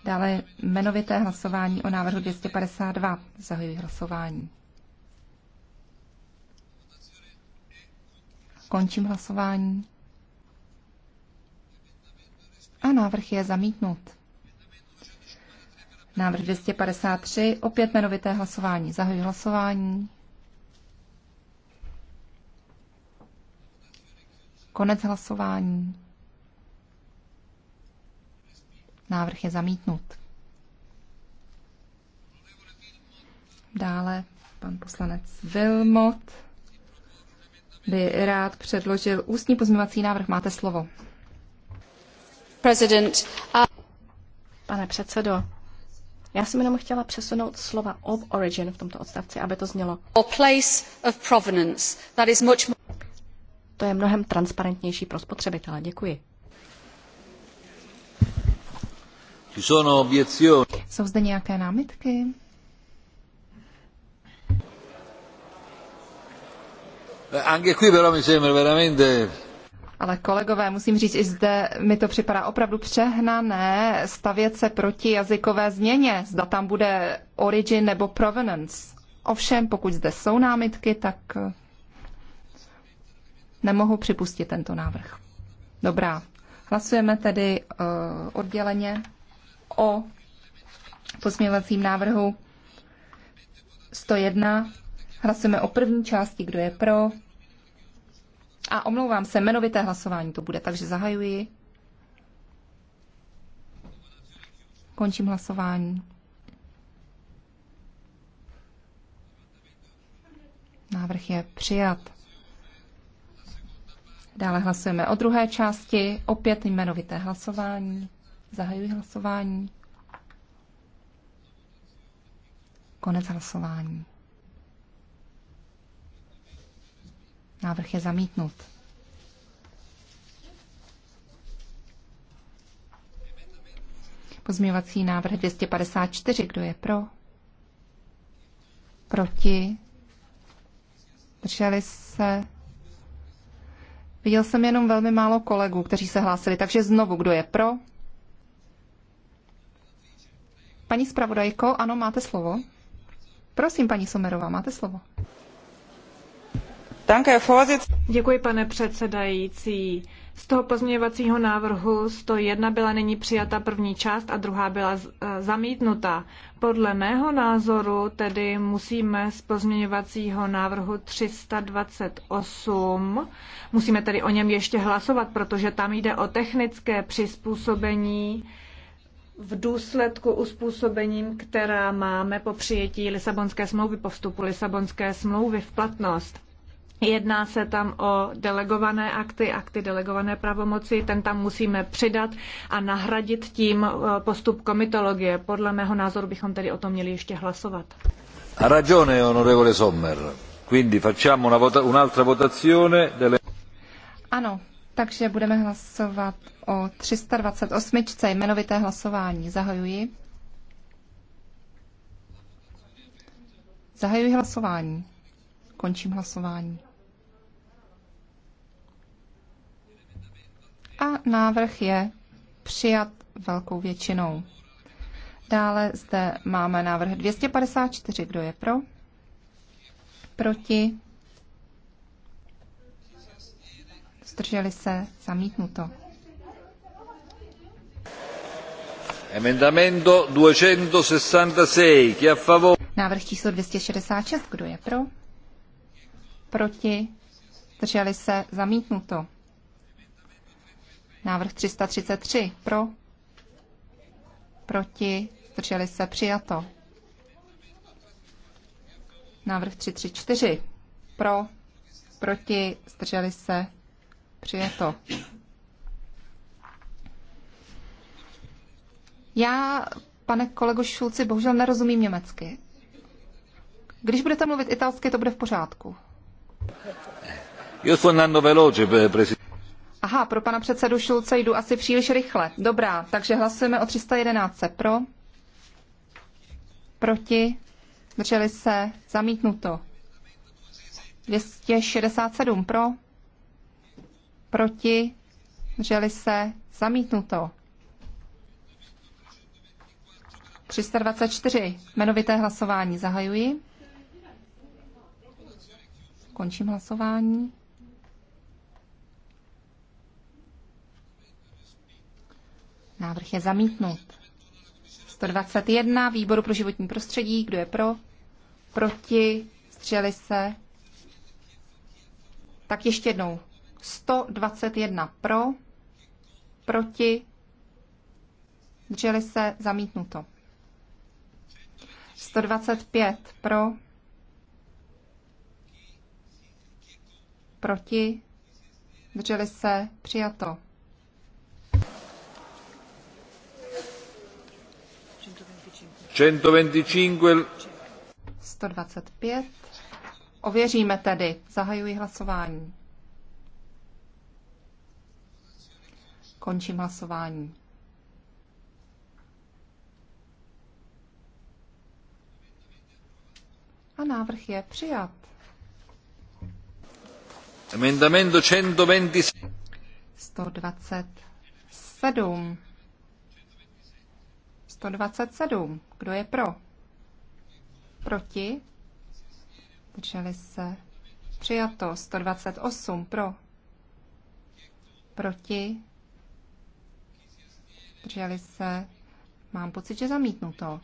Dále jmenovité hlasování o návrhu 252. Zahajuji hlasování. Končím hlasování. A návrh je zamítnut. Návrh 253, opět jmenovité hlasování. Zahajuji hlasování. Konec hlasování. Návrh je zamítnut. Dále pan poslanec Vilmot by rád předložil ústní pozměňovací návrh. Máte slovo. President, a... Pane předsedo, já jsem jenom chtěla přesunout slova of origin v tomto odstavci, aby to znělo. Or place of provenance. That is much more... To je mnohem transparentnější pro spotřebitele. Děkuji. Jsou zde nějaké námitky? Eh, Ale kolegové, musím říct, i zde mi to připadá opravdu přehnané stavět se proti jazykové změně, zda tam bude origin nebo provenance. Ovšem, pokud zde jsou námitky, tak eh, Nemohu připustit tento návrh. Dobrá. Hlasujeme tedy uh, odděleně o pozměvacím návrhu 101. Hlasujeme o první části, kdo je pro. A omlouvám se, jmenovité hlasování to bude, takže zahajuji. Končím hlasování. Návrh je přijat. Dále hlasujeme o druhé části, opět jmenovité hlasování. Zahajuji hlasování. Konec hlasování. Návrh je zamítnut. Pozměňovací návrh 254. Kdo je pro? Proti? Drželi se? Viděl jsem jenom velmi málo kolegů, kteří se hlásili, takže znovu, kdo je pro? Paní zpravodajko, ano, máte slovo. Prosím, paní Somerová, máte slovo. Děkuji, pane předsedající. Z toho pozměňovacího návrhu 101 byla nyní přijata první část a druhá byla e, zamítnuta. Podle mého názoru tedy musíme z pozměňovacího návrhu 328, musíme tedy o něm ještě hlasovat, protože tam jde o technické přizpůsobení v důsledku uspůsobením, která máme po přijetí Lisabonské smlouvy, po vstupu Lisabonské smlouvy v platnost. Jedná se tam o delegované akty, akty delegované pravomoci, ten tam musíme přidat a nahradit tím e, postup komitologie. Podle mého názoru bychom tedy o tom měli ještě hlasovat. Ha ragione, onorevole Sommer. Quindi facciamo una vota- un'altra votazione delle... Ano, takže budeme hlasovat o 328. jmenovité hlasování. Zahajuji. Zahajuji hlasování. Končím hlasování. a návrh je přijat velkou většinou. Dále zde máme návrh 254. Kdo je pro? Proti? Zdrželi se? Zamítnuto. Emendamento 266. Kdo je favore? Návrh číslo 266. Kdo je pro? Proti? Zdrželi se? Zamítnuto. Návrh 333 pro, proti, zdrželi se přijato. Návrh 334 pro, proti, zdrželi se přijato. Já, pane kolego Šulci, bohužel nerozumím německy. Když budete mluvit italsky, to bude v pořádku. Io sono veloce, prezident. Aha, pro pana předsedu Šulce jdu asi příliš rychle. Dobrá, takže hlasujeme o 311. Pro? Proti? Drželi se? Zamítnuto. 267 pro? Proti? Drželi se? Zamítnuto. 324. Jmenovité hlasování zahajuji. Končím hlasování. Návrh je zamítnut. 121 výboru pro životní prostředí. Kdo je pro? Proti? Střeli se? Tak ještě jednou. 121 pro, proti, drželi se, zamítnuto. 125 pro, proti, drželi se, přijato. 125. Ověříme tedy. Zahajuji hlasování. Končím hlasování. A návrh je přijat. Emendamento 127. 127. 127. Kdo je pro? Proti? Zdrželi se. Přijato 128 pro. Proti? Zdrželi se. Mám pocit, že zamítnu to.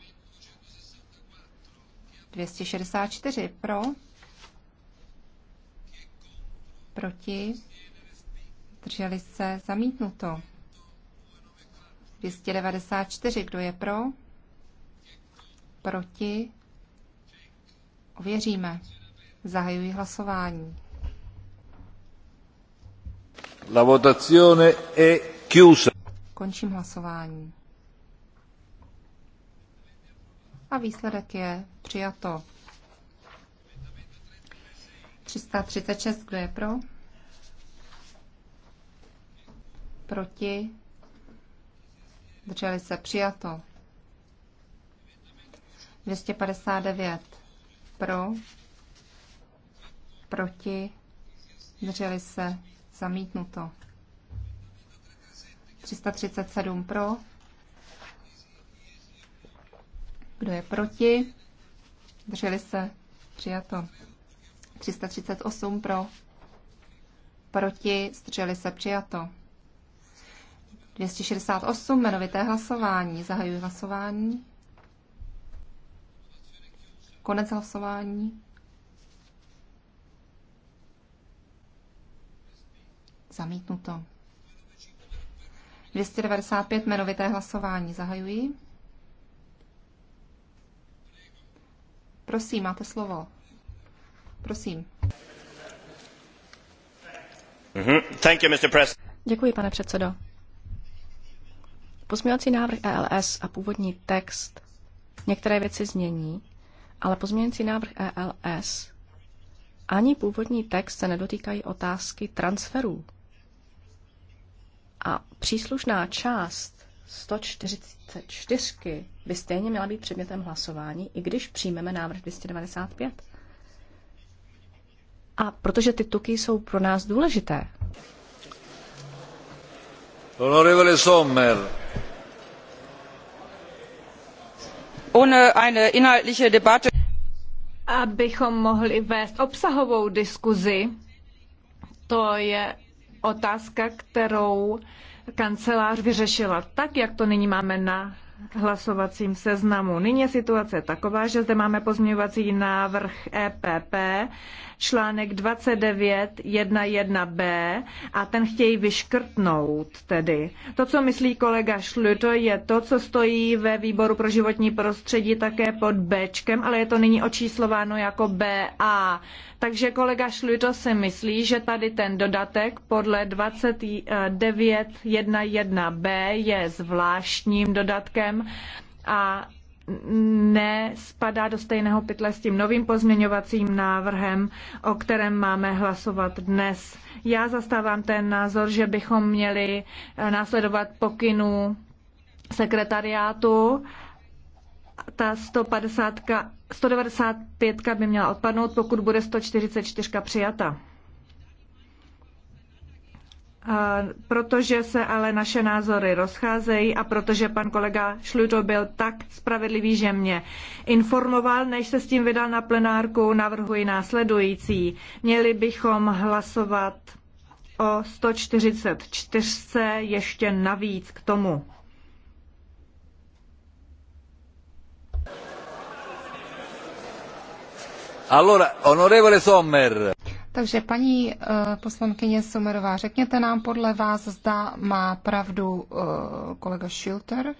264 pro. Proti? Drželi se. Zamítnuto. 294. Kdo je pro? proti, ověříme. Zahajuji hlasování. La votazione è chiusa. Končím hlasování. A výsledek je přijato. 336, kdo je pro? Proti? Drželi se přijato. 259 pro, proti, drželi se, zamítnuto. 337 pro, kdo je proti, drželi se, přijato. 338 pro, proti, zdrželi se, přijato. 268 jmenovité hlasování. Zahajuji hlasování. Konec hlasování. Zamítnuto. 295 jmenovité hlasování. Zahajuji. Prosím, máte slovo. Prosím. Mhm. Thank you, Mr. President. Děkuji, pane předsedo. Pozměňovací návrh ELS a původní text některé věci změní ale pozměňující návrh ELS ani původní text se nedotýkají otázky transferů. A příslušná část 144 by stejně měla být předmětem hlasování, i když přijmeme návrh 295. A protože ty tuky jsou pro nás důležité. Honorable Sommer, Abychom mohli vést obsahovou diskuzi, to je otázka, kterou kancelář vyřešila tak, jak to nyní máme na hlasovacím seznamu. Nyní je situace taková, že zde máme pozměňovací návrh EPP, článek 29.1.1b a ten chtějí vyškrtnout tedy. To, co myslí kolega Šluto, je to, co stojí ve výboru pro životní prostředí také pod Bčkem, ale je to nyní očíslováno jako BA. Takže kolega Šludo si myslí, že tady ten dodatek podle 29.1.1b je zvláštním dodatkem a nespadá do stejného pytle s tím novým pozměňovacím návrhem, o kterém máme hlasovat dnes. Já zastávám ten názor, že bychom měli eh, následovat pokynů sekretariátu ta 150, 195 by měla odpadnout, pokud bude 144 přijata. A protože se ale naše názory rozcházejí a protože pan kolega Šluto byl tak spravedlivý, že mě informoval, než se s tím vydal na plenárku, navrhuji následující. Měli bychom hlasovat o 144 ještě navíc k tomu. Allora, onorevole Sommer. Takže paní uh, poslankyně Somerová, řekněte nám podle vás, zda má pravdu uh, kolega Schilter?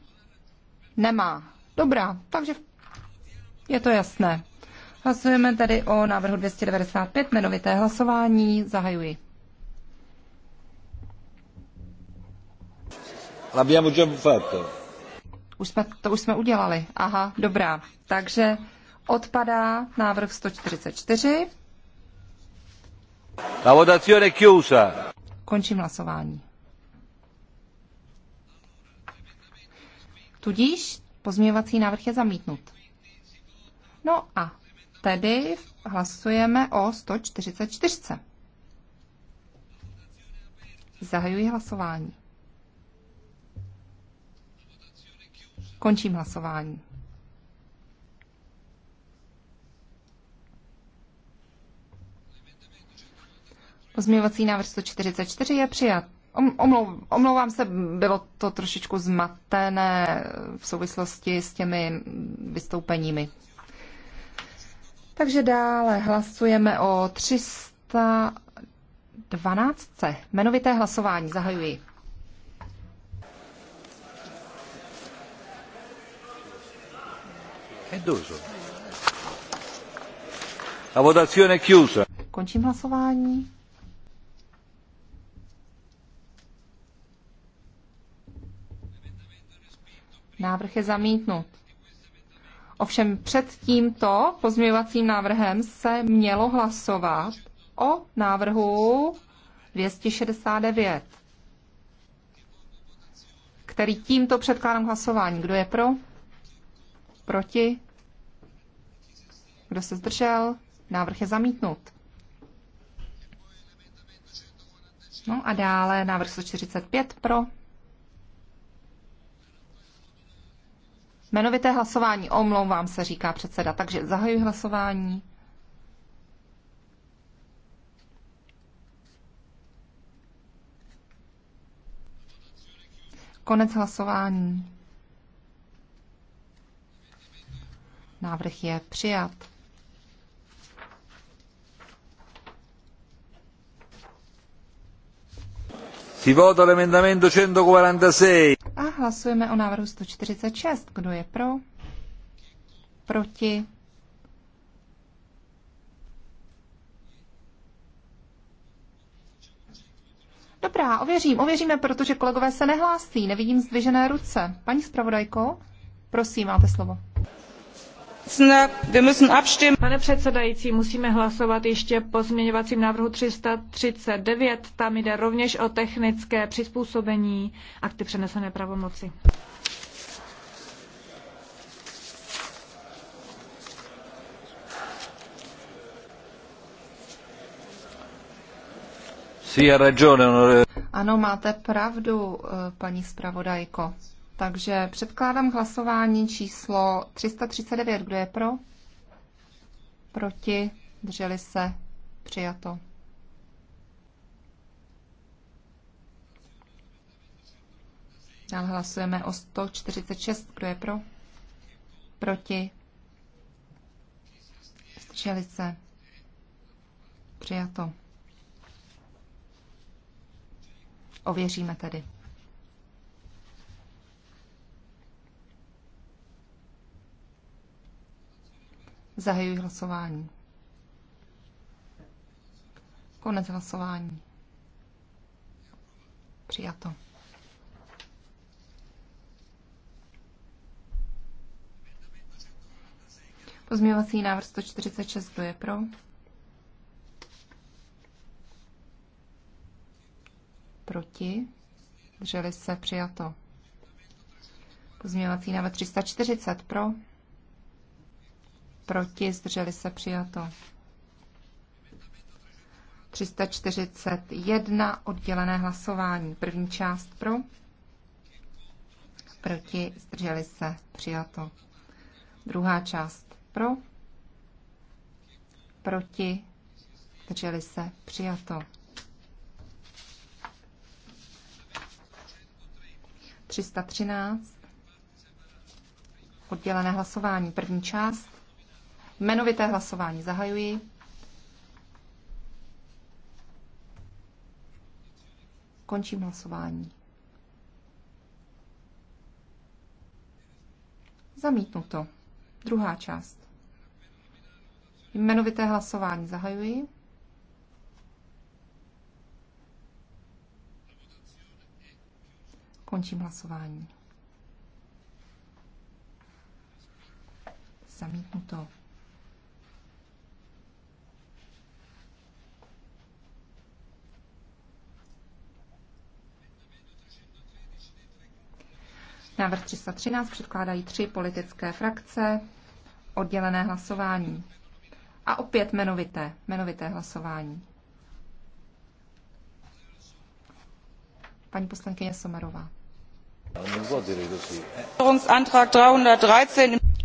Nemá. Dobrá, takže je to jasné. Hlasujeme tedy o návrhu 295, jmenovité hlasování. Zahajuji. già fatto. Už jsme, to už jsme udělali. Aha, dobrá. Takže Odpadá návrh 144. La votazione chiusa. Končím hlasování. Tudíž pozměňovací návrh je zamítnut. No a tedy hlasujeme o 144. Zahajuji hlasování. Končím hlasování. Pozměňovací návrh 144 je přijat. Omlouvám se, bylo to trošičku zmatené v souvislosti s těmi vystoupeními. Takže dále hlasujeme o 312. Jmenovité hlasování zahajuji. Končím hlasování. Návrh je zamítnut. Ovšem před tímto pozměňovacím návrhem se mělo hlasovat o návrhu 269, který tímto předkládám hlasování. Kdo je pro? Proti? Kdo se zdržel? Návrh je zamítnut. No a dále návrh 145 pro, Jmenovité hlasování, omlouvám se, říká předseda. Takže zahajuji hlasování. Konec hlasování. Návrh je přijat. Si vota l'emendamento 146 hlasujeme o návrhu 146. Kdo je pro? Proti? Dobrá, ověřím, ověříme, protože kolegové se nehlásí, nevidím zdvižené ruce. Paní zpravodajko, prosím, máte slovo. Pane předsedající, musíme hlasovat ještě po pozměňovacím návrhu 339. Tam jde rovněž o technické přizpůsobení akty přenesené pravomoci. Ano, máte pravdu, eh, paní zpravodajko. Takže předkládám hlasování číslo 339. Kdo je pro? Proti? Drželi se? Přijato. Dále hlasujeme o 146. Kdo je pro? Proti? Zdrželi se? Přijato. Ověříme tedy. Zahajuji hlasování. Konec hlasování. Přijato. Pozměňovací návrh 146, kdo je pro? Proti? Drželi se přijato. Pozměňovací návrh 340 pro? proti, zdrželi se přijato. 341 oddělené hlasování. První část pro, proti, zdrželi se přijato. Druhá část pro, proti, zdrželi se přijato. 313 oddělené hlasování. První část Jmenovité hlasování zahajuji. Končím hlasování. Zamítnuto. Druhá část. Jmenovité hlasování zahajuji. Končím hlasování. Zamítnuto. Návrh 313 předkládají tři politické frakce, oddělené hlasování. A opět jmenovité, jmenovité hlasování. Paní poslankyně Somerová.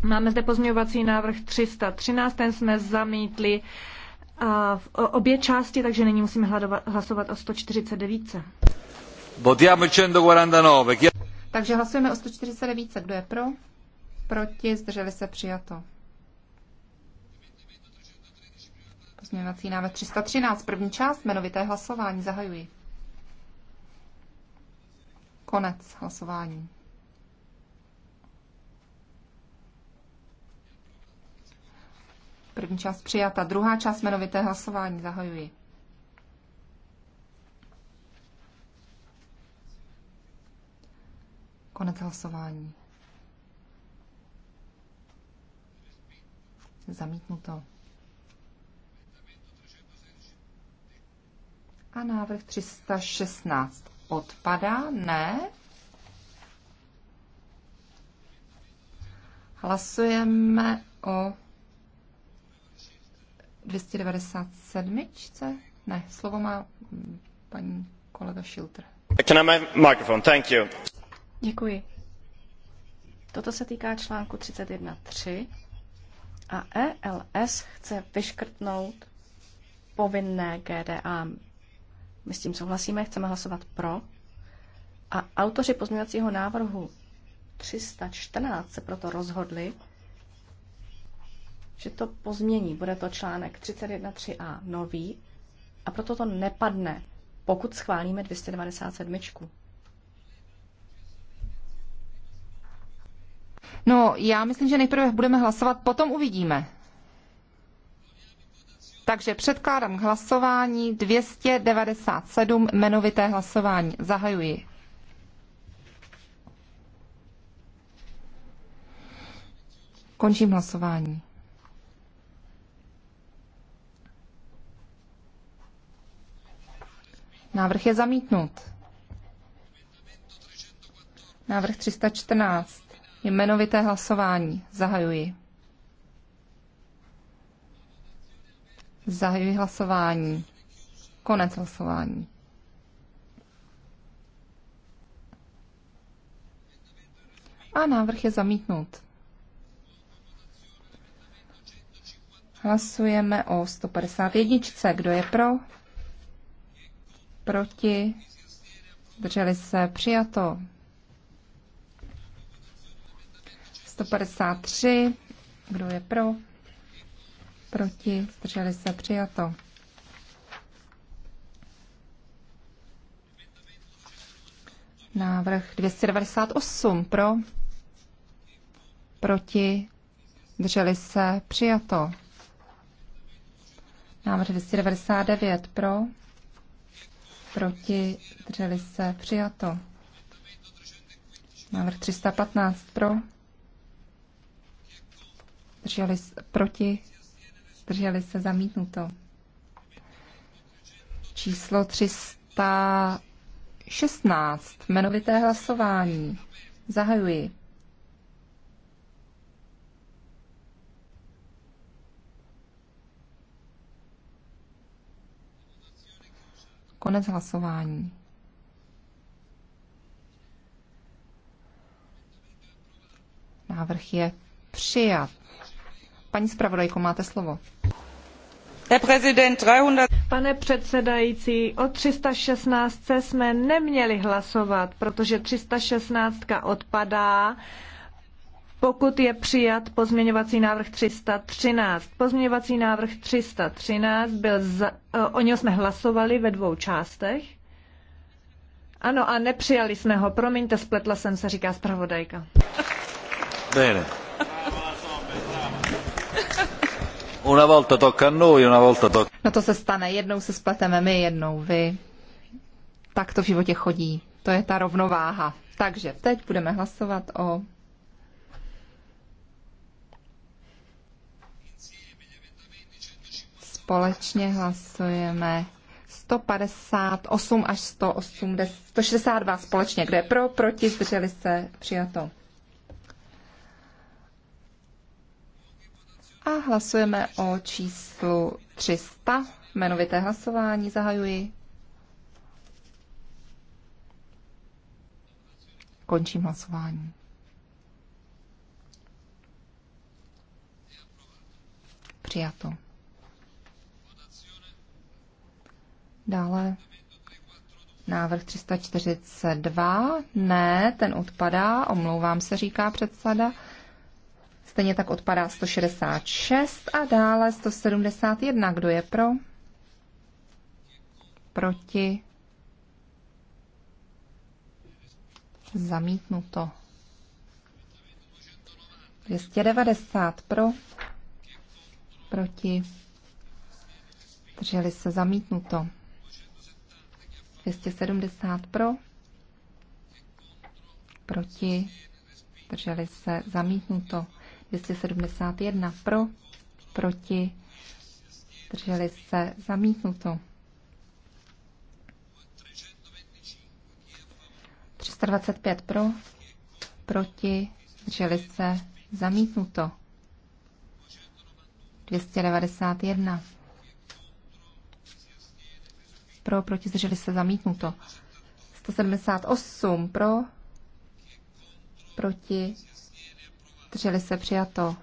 Máme zde pozměňovací návrh 313, ten jsme zamítli a v obě části, takže nyní musíme hlasovat o 149. Votiamo 149. Takže hlasujeme o 149. Kdo je pro? Proti? Zdrželi se přijato. Pozměňovací návrh 313. První část jmenovité hlasování. Zahajuji. Konec hlasování. První část přijata. Druhá část jmenovité hlasování. Zahajuji. Konec hlasování. Zamítnuto. A návrh 316 odpadá? Ne. Hlasujeme o 297. Ne, slovo má paní kolega Schilter. Can I have microphone? Thank you. Děkuji. Toto se týká článku 31.3 a ELS chce vyškrtnout povinné GDA. My s tím souhlasíme, chceme hlasovat pro. A autoři pozměňovacího návrhu 314 se proto rozhodli, že to pozmění. Bude to článek 31.3a nový a proto to nepadne, pokud schválíme 297. No, já myslím, že nejprve budeme hlasovat, potom uvidíme. Takže předkládám k hlasování 297 jmenovité hlasování. Zahajuji. Končím hlasování. Návrh je zamítnut. Návrh 314. Jmenovité hlasování. Zahajuji. Zahajuji hlasování. Konec hlasování. A návrh je zamítnut. Hlasujeme o 151. Kdo je pro? Proti? Drželi se? Přijato. 153. Kdo je pro? Proti? Zdrželi se přijato. Návrh 298 pro, proti, Zdrželi se, přijato. Návrh 299 pro, proti, Zdrželi se, přijato. Návrh 315 pro, Drželi proti, drželi se zamítnuto. Číslo 316. Jmenovité hlasování. Zahajuji. Konec hlasování. Návrh je přijat. Paní zpravodajko, máte slovo. Pane předsedající, o 316 jsme neměli hlasovat, protože 316 odpadá, pokud je přijat pozměňovací návrh 313. Pozměňovací návrh 313 byl, za, o něm jsme hlasovali ve dvou částech. Ano, a nepřijali jsme ho. Promiňte, spletla jsem se, říká zpravodajka. Ne, ne. Una volta tocca a noi, una volta tocca... No to se stane, jednou se spleteme my, jednou vy. Tak to v životě chodí. To je ta rovnováha. Takže teď budeme hlasovat o společně hlasujeme 158 až 180, 162 společně. Kde je pro, proti, zdrželi se, přijato. A hlasujeme o číslu 300. Jmenovité hlasování zahajuji. Končím hlasování. Přijato. Dále návrh 342. Ne, ten odpadá. Omlouvám se, říká předseda. Stejně tak odpadá 166 a dále 171. Kdo je pro? Proti? Zamítnuto. 290 pro, proti, drželi se zamítnuto. 270 pro, proti, drželi se zamítnuto. 271 pro, proti, drželi se zamítnuto. 325 pro, proti, drželi se zamítnuto. 291 pro, proti, drželi se zamítnuto. 178 pro, proti, drželi se přijato.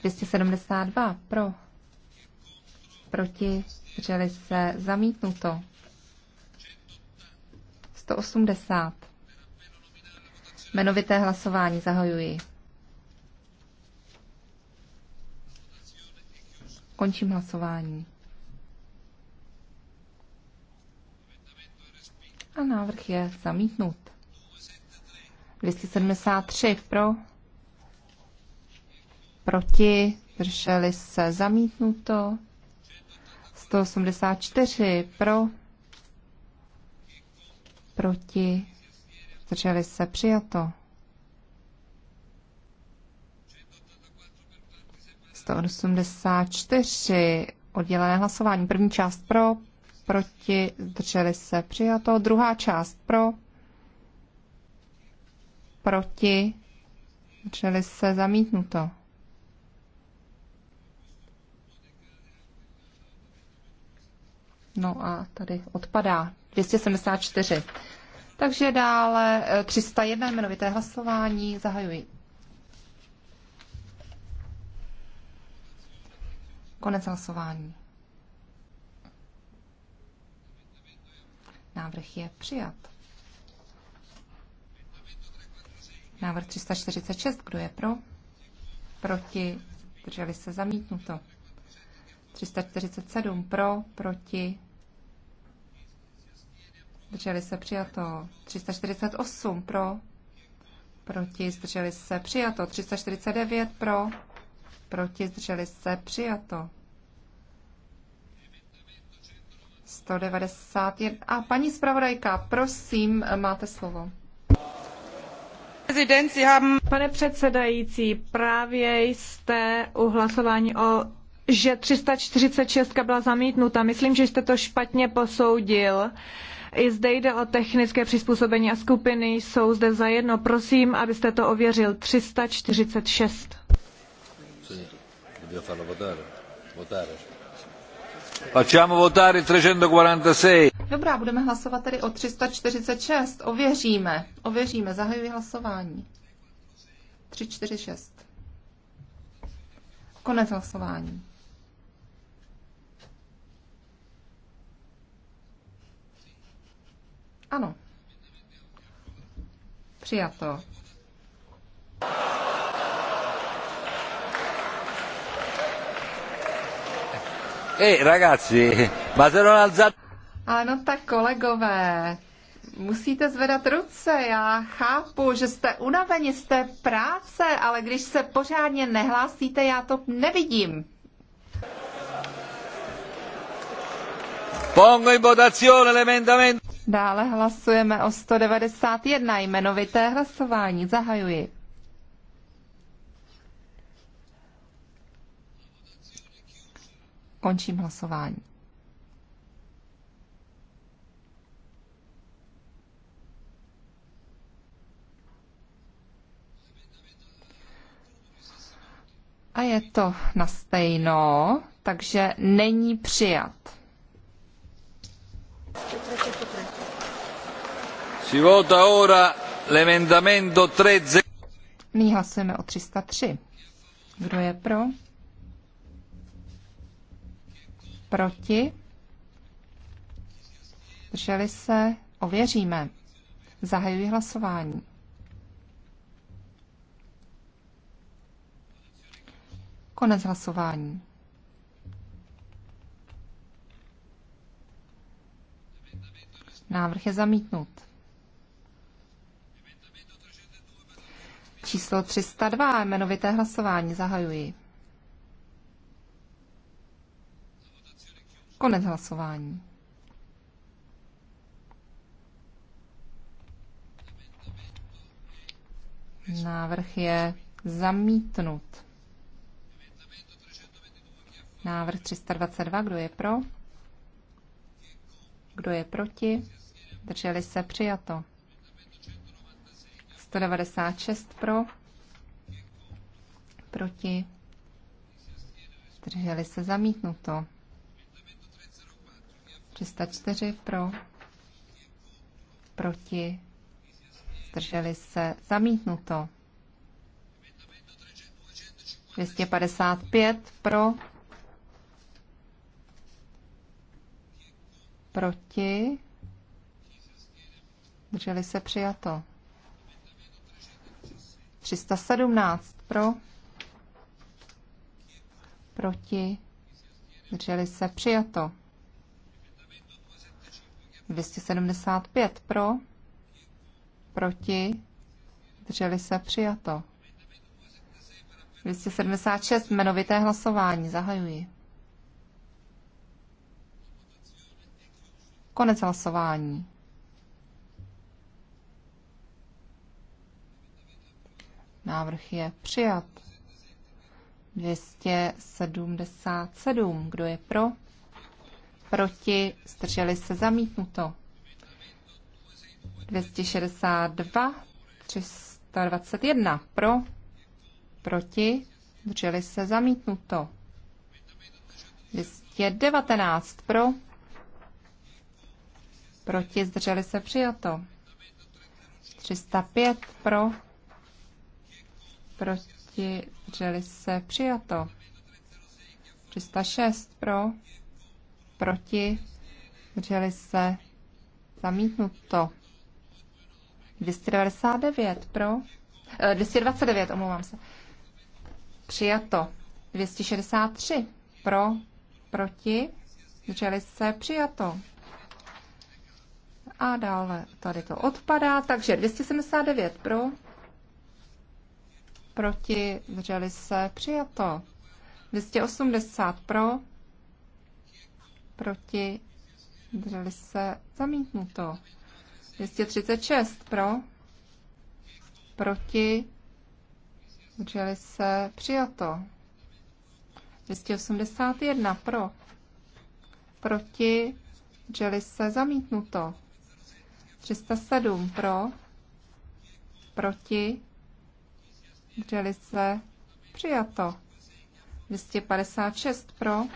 272 pro. Proti. drželi se zamítnuto. 180. Jmenovité hlasování zahajuji. Končím hlasování. A návrh je zamítnut. 273 pro, proti, zdrželi se zamítnuto, 184 pro, proti, zdrželi se přijato. 184 oddělené hlasování. První část pro, proti, zdrželi se přijato. Druhá část pro, proti, čili se zamítnuto. No a tady odpadá 274. Takže dále 301 eh, jmenovité hlasování zahajuji. Konec hlasování. Návrh je přijat. Návrh 346, kdo je pro? Proti, drželi se zamítnuto. 347 pro, proti, Drželi se přijato 348 pro, proti zdrželi se přijato 349 pro, proti zdrželi se přijato 191. A paní zpravodajka, prosím, máte slovo. Pane předsedající, právě jste u hlasování o že 346 byla zamítnuta. Myslím, že jste to špatně posoudil. I zde jde o technické přizpůsobení a skupiny jsou zde zajedno. Prosím, abyste to ověřil. 346. Facciamo votare 346. Dobrá, budeme hlasovat tedy o 346. Ověříme. Ověříme. Zahajuji hlasování. 346. Konec hlasování. Ano. Přijato. ragazzi, Ano, no tak kolegové, musíte zvedat ruce. Já chápu, že jste unaveni z té práce, ale když se pořádně nehlásíte, já to nevidím. Pongo in votazione l'emendamento. Dále hlasujeme o 191 jmenovité hlasování. Zahajuji. Končím hlasování. A je to na stejno, takže není přijat. Si vota ora l'emendamento 3. Nyní hlasujeme o 303. Kdo je pro? Proti? Drželi se? Ověříme. Zahajuji hlasování. Konec hlasování. Návrh je zamítnut. Číslo 302, jmenovité hlasování, zahajuji. Konec hlasování. Návrh je zamítnut. Návrh 322, kdo je pro? Kdo je proti? Drželi se přijato. 196 pro, proti, drželi se zamítnuto. 304 pro, proti, drželi se, zamítnuto. 255 pro, proti, drželi se přijato. 317 pro, proti, drželi se přijato. 275 pro, proti, drželi se přijato. 276 jmenovité hlasování. Zahajuji. Konec hlasování. Návrh je přijat. 277. Kdo je pro? proti, zdrželi se zamítnuto. 262, 321 pro, proti, zdrželi se zamítnuto. 219 pro, proti, zdrželi se přijato. 305 pro, proti, zdrželi se přijato. 306 pro, proti, drželi se, zamítnuto. 299 pro, eh, 229, omlouvám se. Přijato. 263 pro, proti, drželi se, přijato. A dále tady to odpadá, takže 279 pro, proti, drželi se, přijato. 280 pro, proti, drželi se, zamítnuto. 236 pro, proti, drželi se, přijato. 281 pro, proti, drželi se, zamítnuto. 307 pro, proti, drželi se, přijato. 256 pro,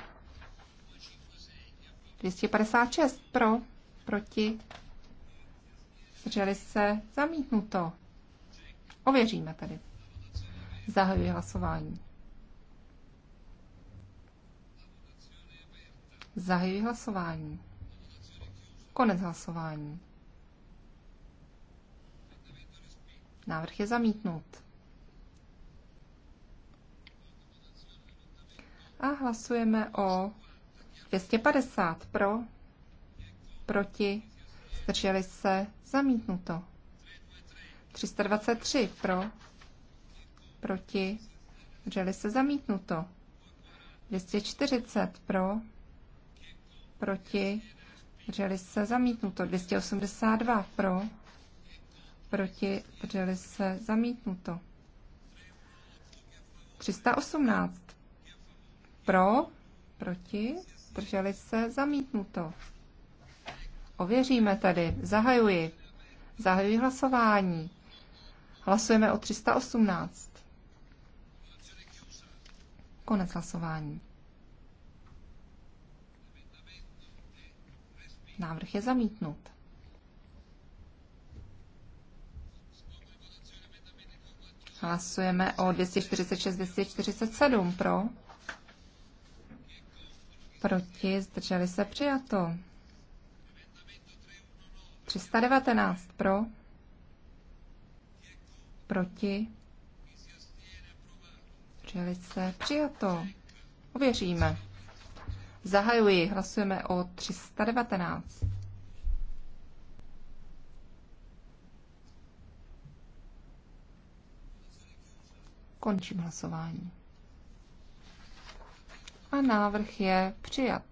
256 pro, proti, zdrželi se, zamítnuto. Ověříme tedy. Zahajuji hlasování. Zahajuji hlasování. Konec hlasování. Návrh je zamítnut. A hlasujeme o 250 pro, proti, zdrželi se, zamítnuto. 323 pro, proti, zdrželi se, zamítnuto. 240 pro, proti, zdrželi se, zamítnuto. 282 pro, proti, zdrželi se, zamítnuto. 318 pro, proti, zdrželi se, zamítnuto. Ověříme tedy, zahajuji. Zahajuji hlasování. Hlasujeme o 318. Konec hlasování. Návrh je zamítnut. Hlasujeme o 246-247 pro, proti, zdrželi se přijato. 319 pro, proti, zdrželi se přijato. Uvěříme. Zahajuji, hlasujeme o 319. Končím hlasování a návrh je přijat.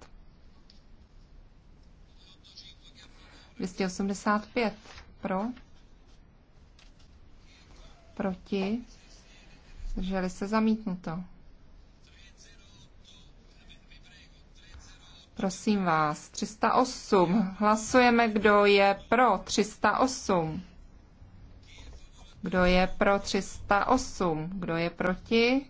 285 pro, proti, zdrželi se zamítnuto. Prosím vás, 308. Hlasujeme, kdo je pro 308. Kdo je pro 308? Kdo je proti?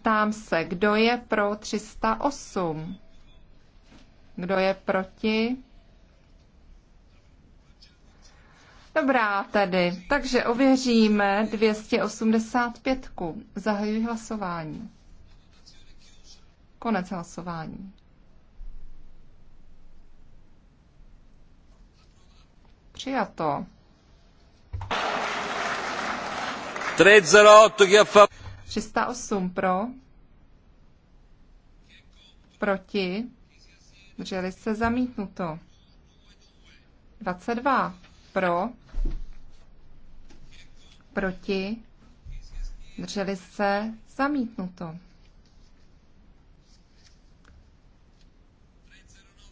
Ptám se, kdo je pro 308? Kdo je proti? Dobrá tedy, takže ověříme 285. Zahajuji hlasování. Konec hlasování. Přijato. 308, pro. Proti. Drželi se zamítnuto. 22 pro. Proti. Drželi se zamítnuto.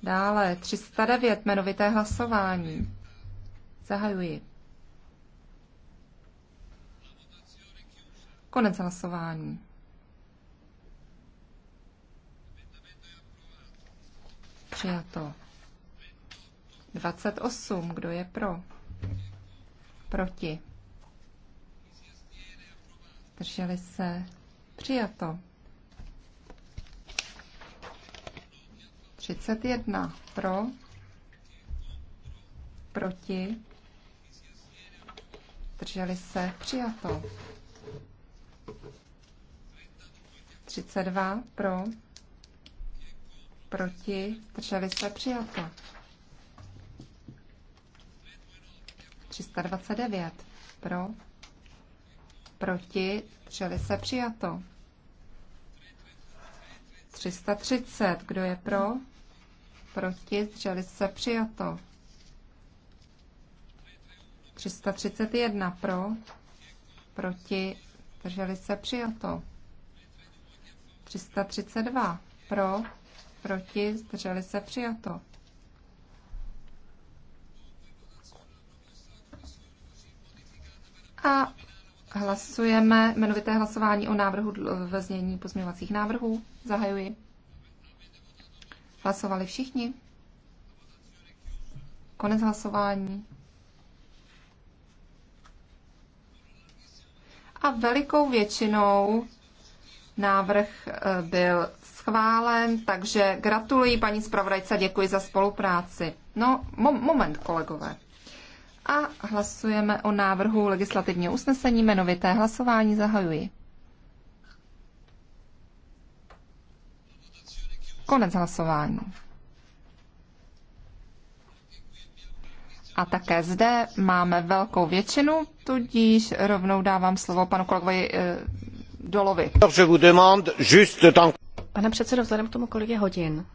Dále 309 jmenovité hlasování. Zahajuji. Konec hlasování. Přijato. 28. Kdo je pro? Proti. Drželi se. Přijato. 31. Pro. Proti. Drželi se. Přijato. 32 pro, proti, drželi se přijato. 329 pro, proti, drželi se přijato. 330, kdo je pro, proti, drželi se přijato. 331 pro, proti, Drželi se přijato. 332. Pro, proti, zdrželi se přijato. A hlasujeme jmenovité hlasování o návrhu ve znění pozměňovacích návrhů. Zahajuji. Hlasovali všichni. Konec hlasování. a velikou většinou návrh eh, byl schválen, takže gratuluji paní zpravodajce, děkuji za spolupráci. No, mom- moment, kolegové. A hlasujeme o návrhu legislativního usnesení, jmenovité hlasování zahajuji. Konec hlasování. A také zde máme velkou většinu, tudíž rovnou dávám slovo panu kolegovi eh, Dolovi. Pane předsedo, vzhledem k tomu, kolik je hodin,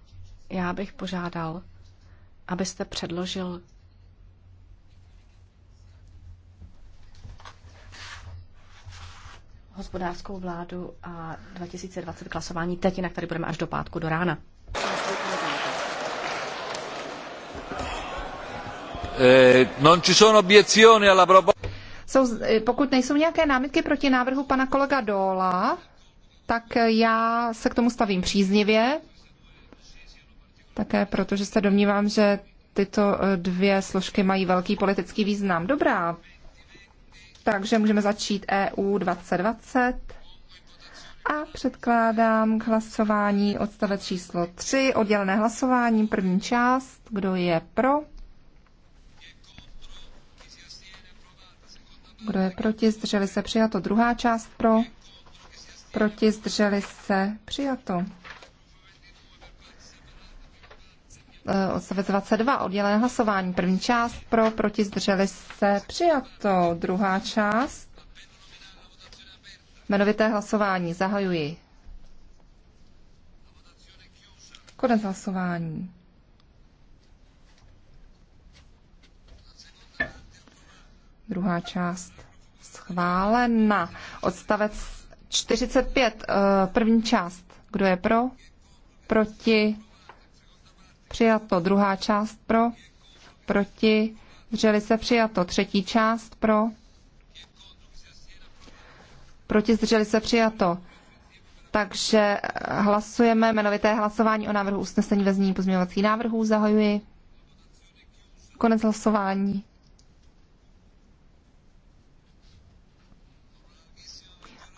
já bych požádal, abyste předložil hospodářskou vládu a 2020 klasování teď, jinak tady budeme až do pátku do rána. Eh, non ci sono obiezioni alla proposta. Eh, pokud nejsou nějaké námitky proti návrhu pana kolega Dola, tak já se k tomu stavím příznivě. Také protože se domnívám, že tyto eh, dvě složky mají velký politický význam. Dobrá, takže můžeme začít EU 2020 a předkládám k hlasování odstavec číslo 3, oddělené hlasování, první část, kdo je pro, Kdo je proti? Zdrželi se přijato. Druhá část pro. Proti? Zdrželi se přijato. E, odstavec 22. Oddělené hlasování. První část pro. Proti? Zdrželi se přijato. Druhá část. Jmenovité hlasování. Zahajuji. Konec hlasování. Druhá část schválena. Odstavec 45, eh, první část. Kdo je pro? Proti? Přijato. Druhá část pro? Proti? Zdrželi se přijato. Třetí část pro? Proti zdrželi se přijato. Takže eh, hlasujeme jmenovité hlasování o návrhu usnesení ve znění pozměňovacích návrhů. Zahajuji. Konec hlasování.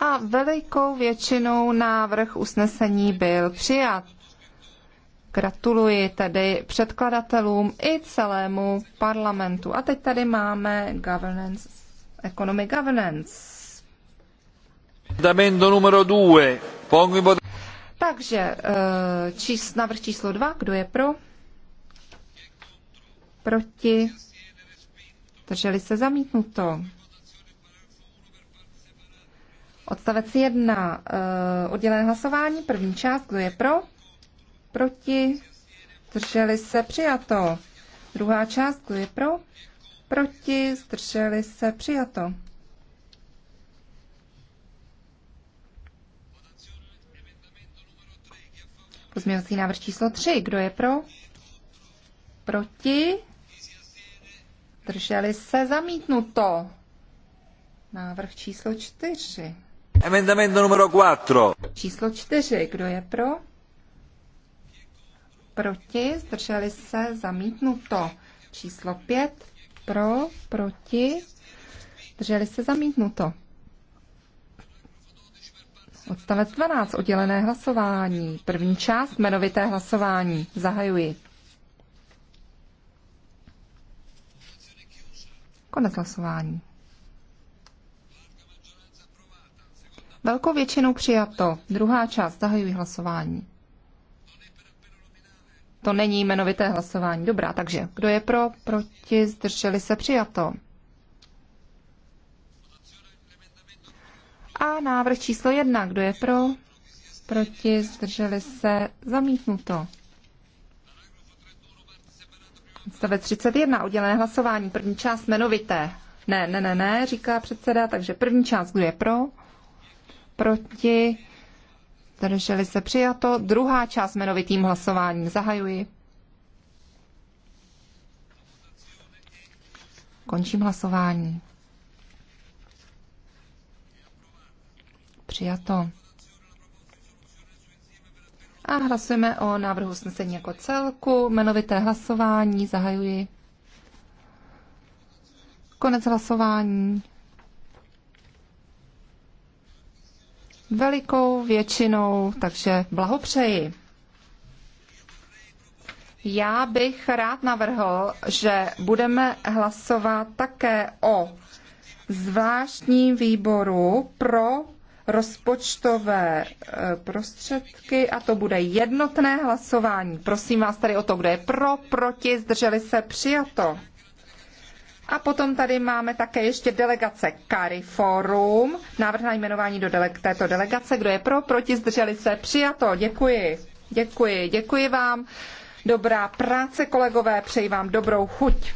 a velikou většinou návrh usnesení byl přijat. Gratuluji tedy předkladatelům i celému parlamentu. A teď tady máme governance, economy governance. Takže eh, číst, návrh číslo dva, kdo je pro? Proti? Drželi se zamítnuto. Odstavec 1. Eh, oddělené hlasování. První část. Kdo je pro? Proti? Zdrželi se přijato. Druhá část. Kdo je pro? Proti? Zdrželi se přijato. Pozměňovací návrh číslo 3. Kdo je pro? Proti? Zdrželi se zamítnuto. Návrh číslo 4. Emendamento numero 4. Číslo 4. Kdo je pro? Proti. Zdrželi se. Zamítnuto. Číslo 5. Pro. Proti. Zdrželi se. Zamítnuto. Odstavec 12. Oddělené hlasování. První část. Jmenovité hlasování. Zahajuji. Konec hlasování. Velkou většinou přijato. Druhá část. Zahajuji hlasování. To není jmenovité hlasování. Dobrá, takže kdo je pro, proti, zdrželi se přijato. A návrh číslo jedna. Kdo je pro, proti, zdrželi se zamítnuto. Odstavec 31. Oddělené hlasování. První část jmenovité. Ne, ne, ne, ne, říká předseda. Takže první část, kdo je pro, proti, Drželi se přijato. Druhá část jmenovitým hlasováním zahajuji. Končím hlasování. Přijato. A hlasujeme o návrhu usnesení jako celku. Jmenovité hlasování zahajuji. Konec hlasování. velikou většinou, takže blahopřeji. Já bych rád navrhl, že budeme hlasovat také o zvláštním výboru pro rozpočtové eh, prostředky a to bude jednotné hlasování. Prosím vás tady o to, kdo je pro, proti, zdrželi se, přijato. A potom tady máme také ještě delegace CARIFORUM, návrh na jmenování do dele- této delegace. Kdo je pro, proti, zdrželi se, přijato. Děkuji, děkuji, děkuji vám. Dobrá práce, kolegové, přeji vám dobrou chuť.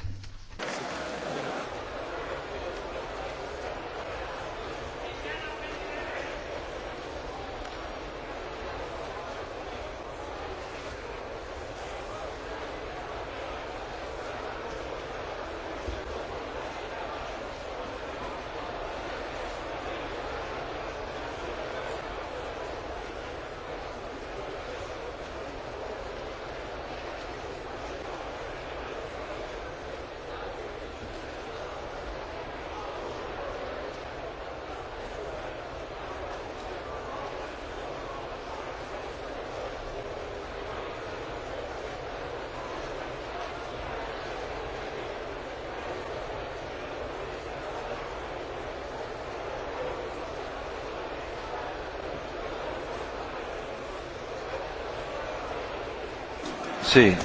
Sí.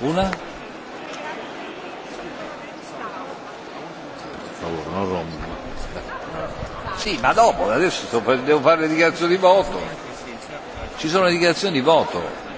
Una. Allora, non rompo. Sì, ma dopo, adesso sto, devo fare le dichiarazioni di voto. Ci sono le dichiarazioni di voto.